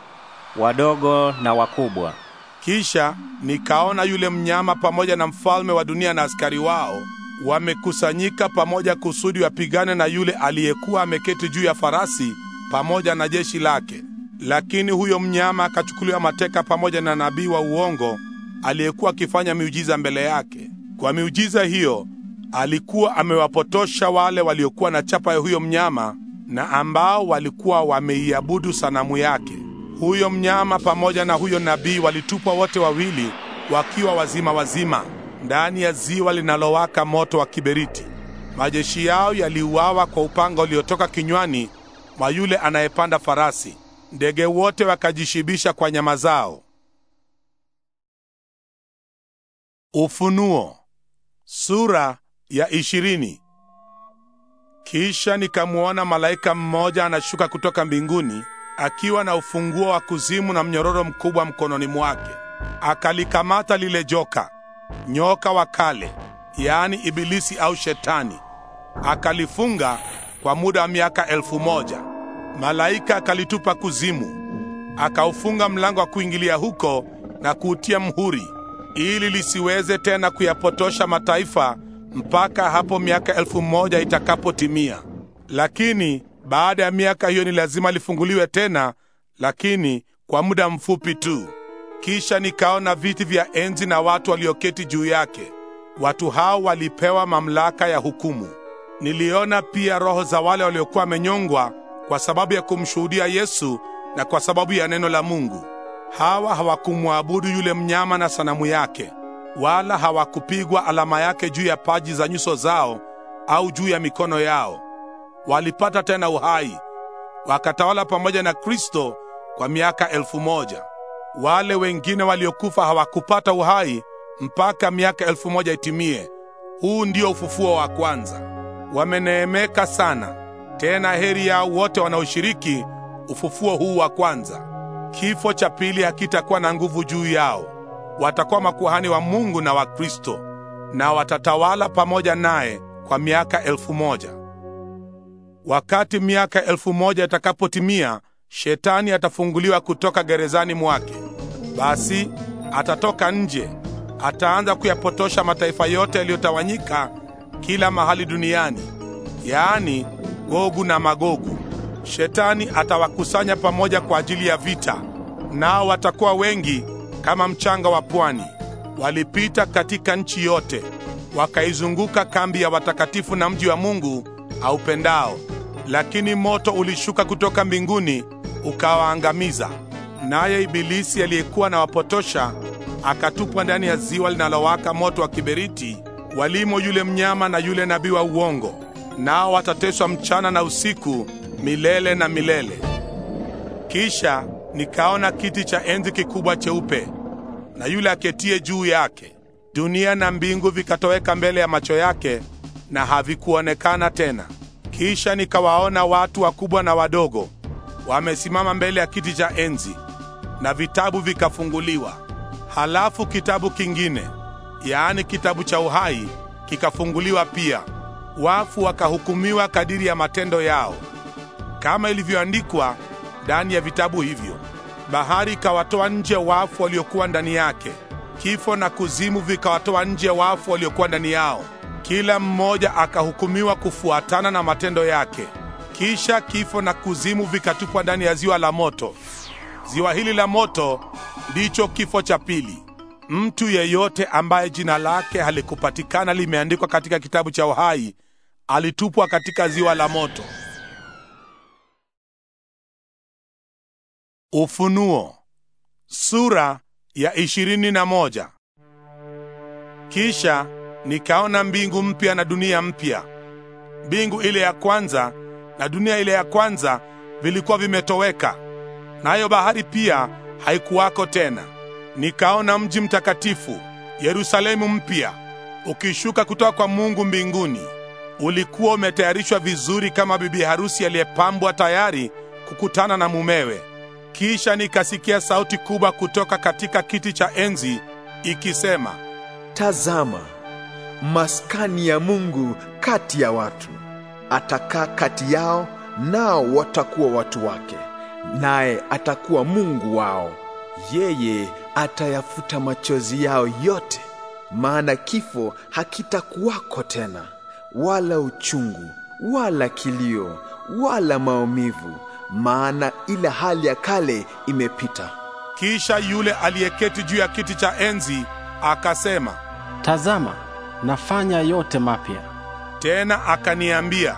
wadogo na wakubwa. Kisha nikaona yule mnyama pamoja na mfalme wa dunia na askari wao wamekusanyika pamoja kusudi wapigane na yule aliyekuwa ameketi juu ya farasi pamoja na jeshi lake. Lakini huyo mnyama akachukuliwa mateka pamoja na nabii wa uongo aliyekuwa akifanya miujiza mbele yake. Kwa miujiza hiyo alikuwa amewapotosha wale waliokuwa na chapa ya huyo mnyama na ambao walikuwa wameiabudu sanamu yake. Huyo mnyama pamoja na huyo nabii walitupwa wote wawili wakiwa wazima wazima ndani ya ziwa linalowaka moto wa kiberiti. Majeshi yao yaliuawa kwa upanga uliotoka kinywani mwa yule anayepanda farasi. Ndege wote wakajishibisha kwa nyama zao. Ufunuo sura ya ishirini. Kisha nikamwona malaika mmoja anashuka kutoka mbinguni akiwa na ufunguo wa kuzimu na mnyororo mkubwa mkononi mwake. Akalikamata lile joka, nyoka wa kale, yaani Ibilisi au Shetani, akalifunga kwa muda wa miaka elfu moja. Malaika akalitupa kuzimu, akaufunga mlango wa kuingilia huko na kuutia mhuri, ili lisiweze tena kuyapotosha mataifa mpaka hapo miaka elfu moja itakapotimia. Lakini baada ya miaka hiyo ni lazima lifunguliwe tena, lakini kwa muda mfupi tu. Kisha nikaona viti vya enzi na watu walioketi juu yake. Watu hao walipewa mamlaka ya hukumu. Niliona pia roho za wale waliokuwa wamenyongwa kwa sababu ya kumshuhudia Yesu na kwa sababu ya neno la Mungu. Hawa hawakumwabudu yule mnyama na sanamu yake, wala hawakupigwa alama yake juu ya paji za nyuso zao au juu ya mikono yao. Walipata tena uhai, wakatawala pamoja na Kristo kwa miaka elfu moja. Wale wengine waliokufa hawakupata uhai mpaka miaka elfu moja itimie. Huu ndio ufufuo wa kwanza. Wameneemeka sana, tena heri yao wote wanaoshiriki ufufuo huu wa kwanza. Kifo cha pili hakitakuwa na nguvu juu yao watakuwa makuhani wa Mungu na wa Kristo, na watatawala pamoja naye kwa miaka elfu moja. Wakati miaka elfu moja itakapotimia, Shetani atafunguliwa kutoka gerezani mwake. Basi atatoka nje, ataanza kuyapotosha mataifa yote yaliyotawanyika kila mahali duniani, yaani Gogu na Magogu. Shetani atawakusanya pamoja kwa ajili ya vita, nao watakuwa wengi kama mchanga wa pwani. Walipita katika nchi yote, wakaizunguka kambi ya watakatifu na mji wa Mungu aupendao. Lakini moto ulishuka kutoka mbinguni ukawaangamiza. Naye ibilisi aliyekuwa na wapotosha akatupwa ndani ya ziwa linalowaka moto wa kiberiti, walimo yule mnyama na yule nabii wa uongo, nao watateswa mchana na usiku milele na milele. Kisha Nikaona kiti cha enzi kikubwa cheupe na yule aketie juu yake. Dunia na mbingu vikatoweka mbele ya macho yake na havikuonekana tena. Kisha nikawaona watu wakubwa na wadogo wamesimama mbele ya kiti cha enzi na vitabu vikafunguliwa. Halafu kitabu kingine, yaani kitabu cha uhai, kikafunguliwa pia. Wafu wakahukumiwa kadiri ya matendo yao, kama ilivyoandikwa ndani ya vitabu hivyo. Bahari ikawatoa nje wafu waliokuwa ndani yake, kifo na kuzimu vikawatoa nje wafu waliokuwa ndani yao, kila mmoja akahukumiwa kufuatana na matendo yake. Kisha kifo na kuzimu vikatupwa ndani ya ziwa la moto. Ziwa hili la moto ndicho kifo cha pili. Mtu yeyote ambaye jina lake halikupatikana limeandikwa katika kitabu cha uhai alitupwa katika ziwa la moto. Ufunuo sura ya ishirini na moja. Kisha nikaona mbingu mpya na dunia mpya. Mbingu ile ya kwanza na dunia ile ya kwanza vilikuwa vimetoweka, nayo bahari pia haikuwako tena. Nikaona mji mtakatifu Yerusalemu mpya ukishuka kutoka kwa Mungu mbinguni. Ulikuwa umetayarishwa vizuri kama bibi harusi aliyepambwa tayari kukutana na mumewe. Kisha nikasikia sauti kubwa kutoka katika kiti cha enzi ikisema, tazama, maskani ya Mungu kati ya watu, atakaa kati yao, nao watakuwa watu wake, naye atakuwa Mungu wao. Yeye atayafuta machozi yao yote, maana kifo hakitakuwako tena, wala uchungu, wala kilio, wala maumivu maana ile hali ya kale imepita. Kisha yule aliyeketi juu ya kiti cha enzi akasema, tazama, nafanya yote mapya. Tena akaniambia,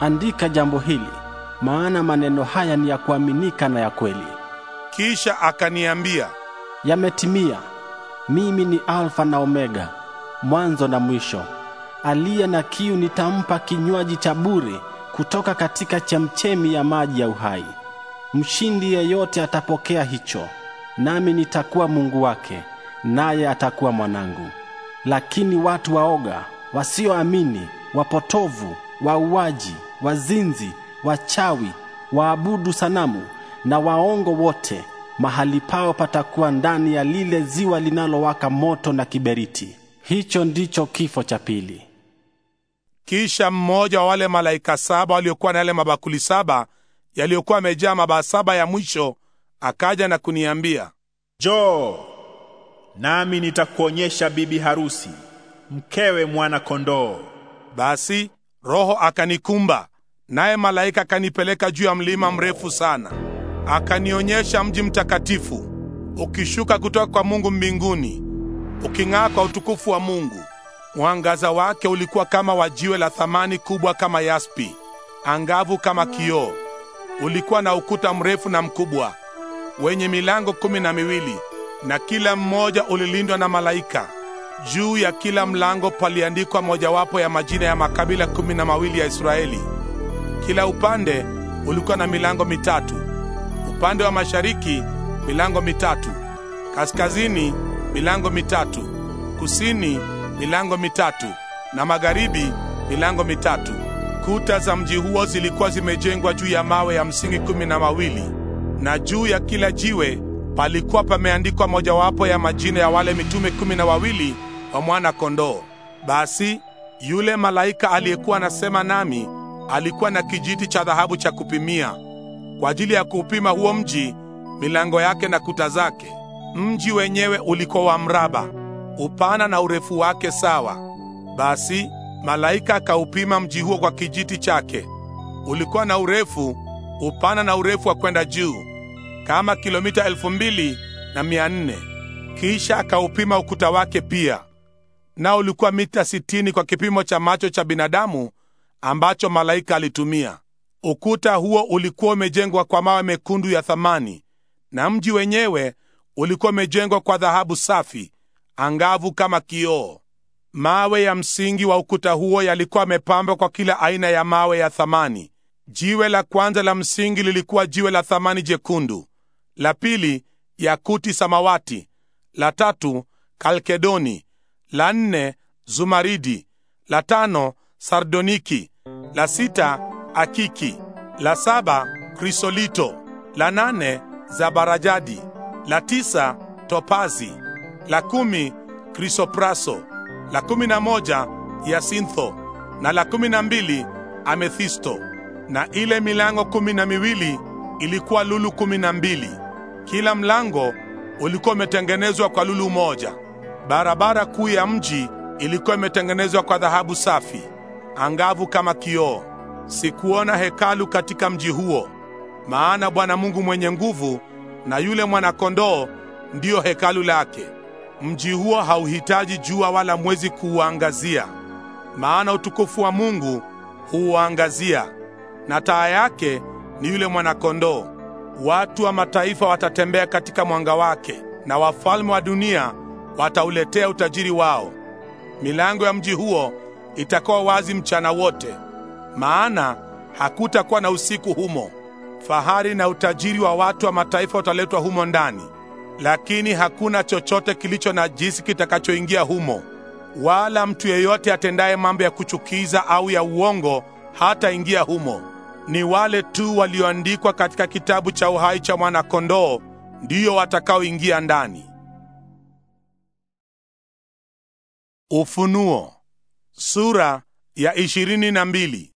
andika jambo hili, maana maneno haya ni ya kuaminika na ya kweli. Kisha akaniambia, yametimia. Mimi ni Alfa na Omega, mwanzo na mwisho. Aliye na kiu nitampa kinywaji cha bure kutoka katika chemchemi ya maji ya uhai. Mshindi yeyote atapokea hicho, nami nitakuwa Mungu wake, naye atakuwa mwanangu. Lakini watu waoga, wasioamini, wapotovu, wauaji, wazinzi, wachawi, waabudu sanamu na waongo wote, mahali pao patakuwa ndani ya lile ziwa linalowaka moto na kiberiti. Hicho ndicho kifo cha pili. Kisha mmoja wa wale malaika saba waliokuwa na yale mabakuli saba yaliyokuwa yamejaa mabaa saba ya mwisho akaja na kuniambia, Njoo nami nitakuonyesha bibi harusi mkewe mwana kondoo. Basi Roho akanikumba naye malaika akanipeleka juu ya mlima mrefu sana, akanionyesha mji mtakatifu ukishuka kutoka kwa Mungu mbinguni, uking'aa kwa utukufu wa Mungu. Mwangaza wake ulikuwa kama wa jiwe la thamani kubwa kama yaspi, angavu kama kioo. Ulikuwa na ukuta mrefu na mkubwa wenye milango kumi na miwili, na kila mmoja ulilindwa na malaika. Juu ya kila mlango paliandikwa mojawapo ya majina ya makabila kumi na mawili ya Israeli. Kila upande ulikuwa na milango mitatu: upande wa mashariki milango mitatu, kaskazini milango mitatu, kusini milango mitatu na magharibi milango mitatu. Kuta za mji huo zilikuwa zimejengwa juu ya mawe ya msingi kumi na mawili, na juu ya kila jiwe palikuwa pameandikwa mojawapo ya majina ya wale mitume kumi na wawili wa mwana kondoo. Basi yule malaika aliyekuwa anasema nami alikuwa na kijiti cha dhahabu cha kupimia kwa ajili ya kuupima huo mji, milango yake na kuta zake. Mji wenyewe ulikuwa wa mraba upana na urefu wake sawa. Basi malaika akaupima mji huo kwa kijiti chake. Ulikuwa na urefu, upana na urefu wa kwenda juu kama kilomita elfu mbili na mia nne. Kisha akaupima ukuta wake pia, nao ulikuwa mita sitini kwa kipimo cha macho cha binadamu ambacho malaika alitumia. Ukuta huo ulikuwa umejengwa kwa mawe mekundu ya thamani, na mji wenyewe ulikuwa umejengwa kwa dhahabu safi angavu kama kioo. Mawe ya msingi wa ukuta huo yalikuwa yamepambwa kwa kila aina ya mawe ya thamani. Jiwe la kwanza la msingi lilikuwa jiwe la thamani jekundu, la pili yakuti samawati, la tatu kalkedoni, la nne zumaridi, la tano sardoniki, la sita akiki, la saba krisolito, la nane zabarajadi, la tisa topazi la kumi krisopraso, la kumi na moja yasintho, na la kumi na mbili amethisto. Na ile milango kumi na miwili ilikuwa lulu kumi na mbili, kila mlango ulikuwa umetengenezwa kwa lulu moja. Barabara kuu ya mji ilikuwa imetengenezwa kwa dhahabu safi angavu kama kioo. Sikuona hekalu katika mji huo, maana Bwana Mungu mwenye nguvu na yule mwanakondoo ndiyo hekalu lake. Mji huo hauhitaji jua wala mwezi kuuangazia, maana utukufu wa Mungu huuangazia, na taa yake ni yule mwanakondoo. Watu wa mataifa watatembea katika mwanga wake, na wafalme wa dunia watauletea utajiri wao. Milango ya mji huo itakuwa wazi mchana wote, maana hakutakuwa na usiku humo. Fahari na utajiri wa watu wa mataifa utaletwa humo ndani lakini hakuna chochote kilicho najisi kitakachoingia humo, wala mtu yeyote atendaye mambo ya kuchukiza au ya uongo hataingia humo. Ni wale tu walioandikwa katika kitabu cha uhai cha mwana-kondoo ndiyo watakaoingia ndani. Ufunuo sura ya ishirini na mbili.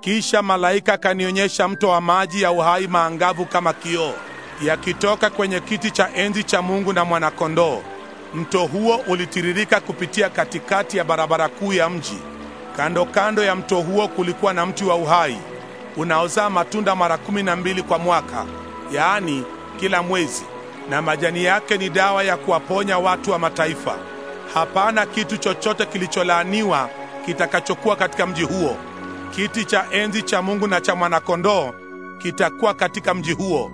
Kisha malaika akanionyesha mto wa maji ya uhai maangavu kama kioo yakitoka kwenye kiti cha enzi cha Mungu na mwanakondoo. Mto huo ulitiririka kupitia katikati ya barabara kuu ya mji. Kando kando ya mto huo kulikuwa na mti wa uhai unaozaa matunda mara kumi na mbili kwa mwaka, yaani kila mwezi, na majani yake ni dawa ya kuwaponya watu wa mataifa. Hapana kitu chochote kilicholaaniwa kitakachokuwa katika mji huo. Kiti cha enzi cha Mungu na cha mwanakondoo kitakuwa katika mji huo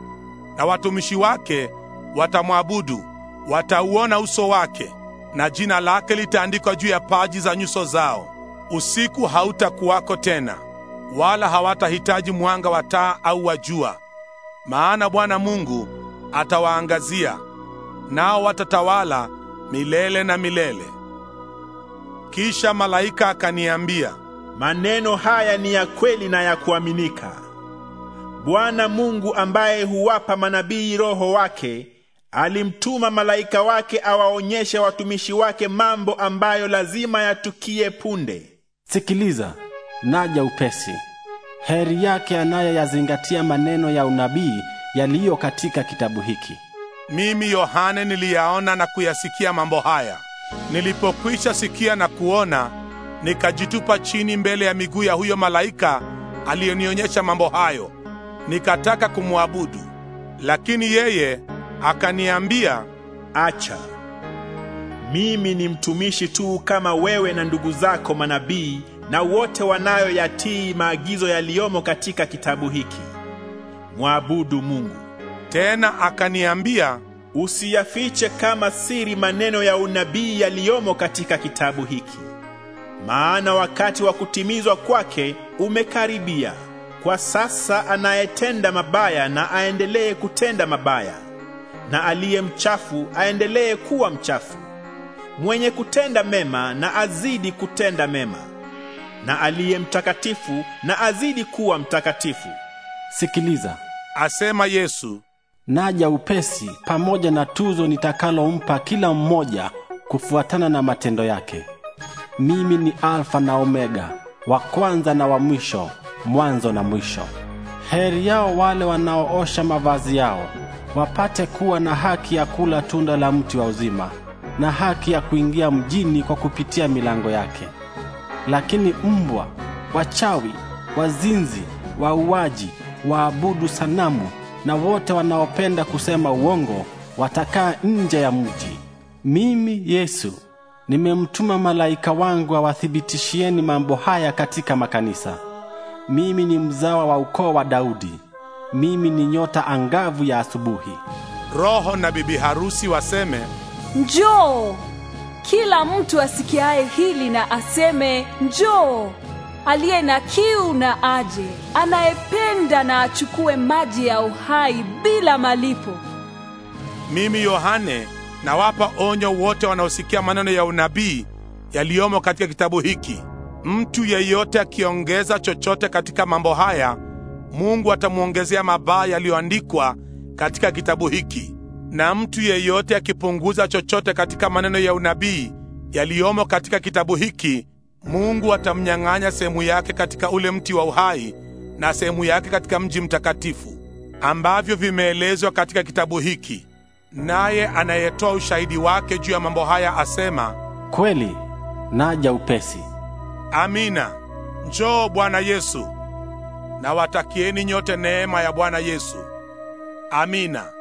na watumishi wake watamwabudu, watauona uso wake, na jina lake litaandikwa juu ya paji za nyuso zao. Usiku hautakuwako tena, wala hawatahitaji mwanga wa taa au wa jua, maana Bwana Mungu atawaangazia, nao watatawala milele na milele. Kisha malaika akaniambia, maneno haya ni ya kweli na ya kuaminika. Bwana Mungu ambaye huwapa manabii roho wake alimtuma malaika wake awaonyeshe watumishi wake mambo ambayo lazima yatukie punde. Sikiliza, naja upesi. Heri yake anayeyazingatia maneno ya unabii yaliyo katika kitabu hiki. Mimi Yohane niliyaona na kuyasikia mambo haya. Nilipokwisha sikia na kuona, nikajitupa chini mbele ya miguu ya huyo malaika aliyenionyesha mambo hayo, nikataka kumwabudu, lakini yeye akaniambia, acha, mimi ni mtumishi tu kama wewe na ndugu zako manabii na wote wanayoyatii maagizo yaliyomo katika kitabu hiki. Mwabudu Mungu. Tena akaniambia, usiyafiche kama siri maneno ya unabii yaliyomo katika kitabu hiki, maana wakati wa kutimizwa kwake umekaribia kwa sasa anayetenda mabaya na aendelee kutenda mabaya, na aliye mchafu aendelee kuwa mchafu, mwenye kutenda mema na azidi kutenda mema, na aliye mtakatifu na azidi kuwa mtakatifu. Sikiliza, asema Yesu, naja upesi, pamoja na tuzo nitakalompa kila mmoja kufuatana na matendo yake. Mimi ni Alfa na Omega, wa kwanza na wa mwisho mwanzo na mwisho. Heri yao wale wanaoosha mavazi yao, wapate kuwa na haki ya kula tunda la mti wa uzima na haki ya kuingia mjini kwa kupitia milango yake. Lakini mbwa, wachawi, wazinzi, wauaji, waabudu sanamu na wote wanaopenda kusema uongo watakaa nje ya mji. Mimi Yesu nimemtuma malaika wangu awathibitishieni mambo haya katika makanisa mimi ni mzawa wa ukoo wa Daudi, mimi ni nyota angavu ya asubuhi. Roho na bibi harusi waseme njoo. Kila mtu asikiaye hili na aseme njoo. Aliye na kiu na aje, anayependa na achukue maji ya uhai bila malipo. Mimi Yohane nawapa onyo wote wanaosikia maneno ya unabii yaliyomo katika kitabu hiki. Mtu yeyote akiongeza chochote katika mambo haya, Mungu atamwongezea mabaya yaliyoandikwa katika kitabu hiki, na mtu yeyote akipunguza chochote katika maneno ya unabii yaliyomo katika kitabu hiki, Mungu atamnyang'anya sehemu yake katika ule mti wa uhai na sehemu yake katika mji mtakatifu, ambavyo vimeelezwa katika kitabu hiki. Naye anayetoa ushahidi wake juu ya mambo haya asema, kweli naja upesi. Amina. Njoo Bwana Yesu. Nawatakieni nyote neema ya Bwana Yesu. Amina.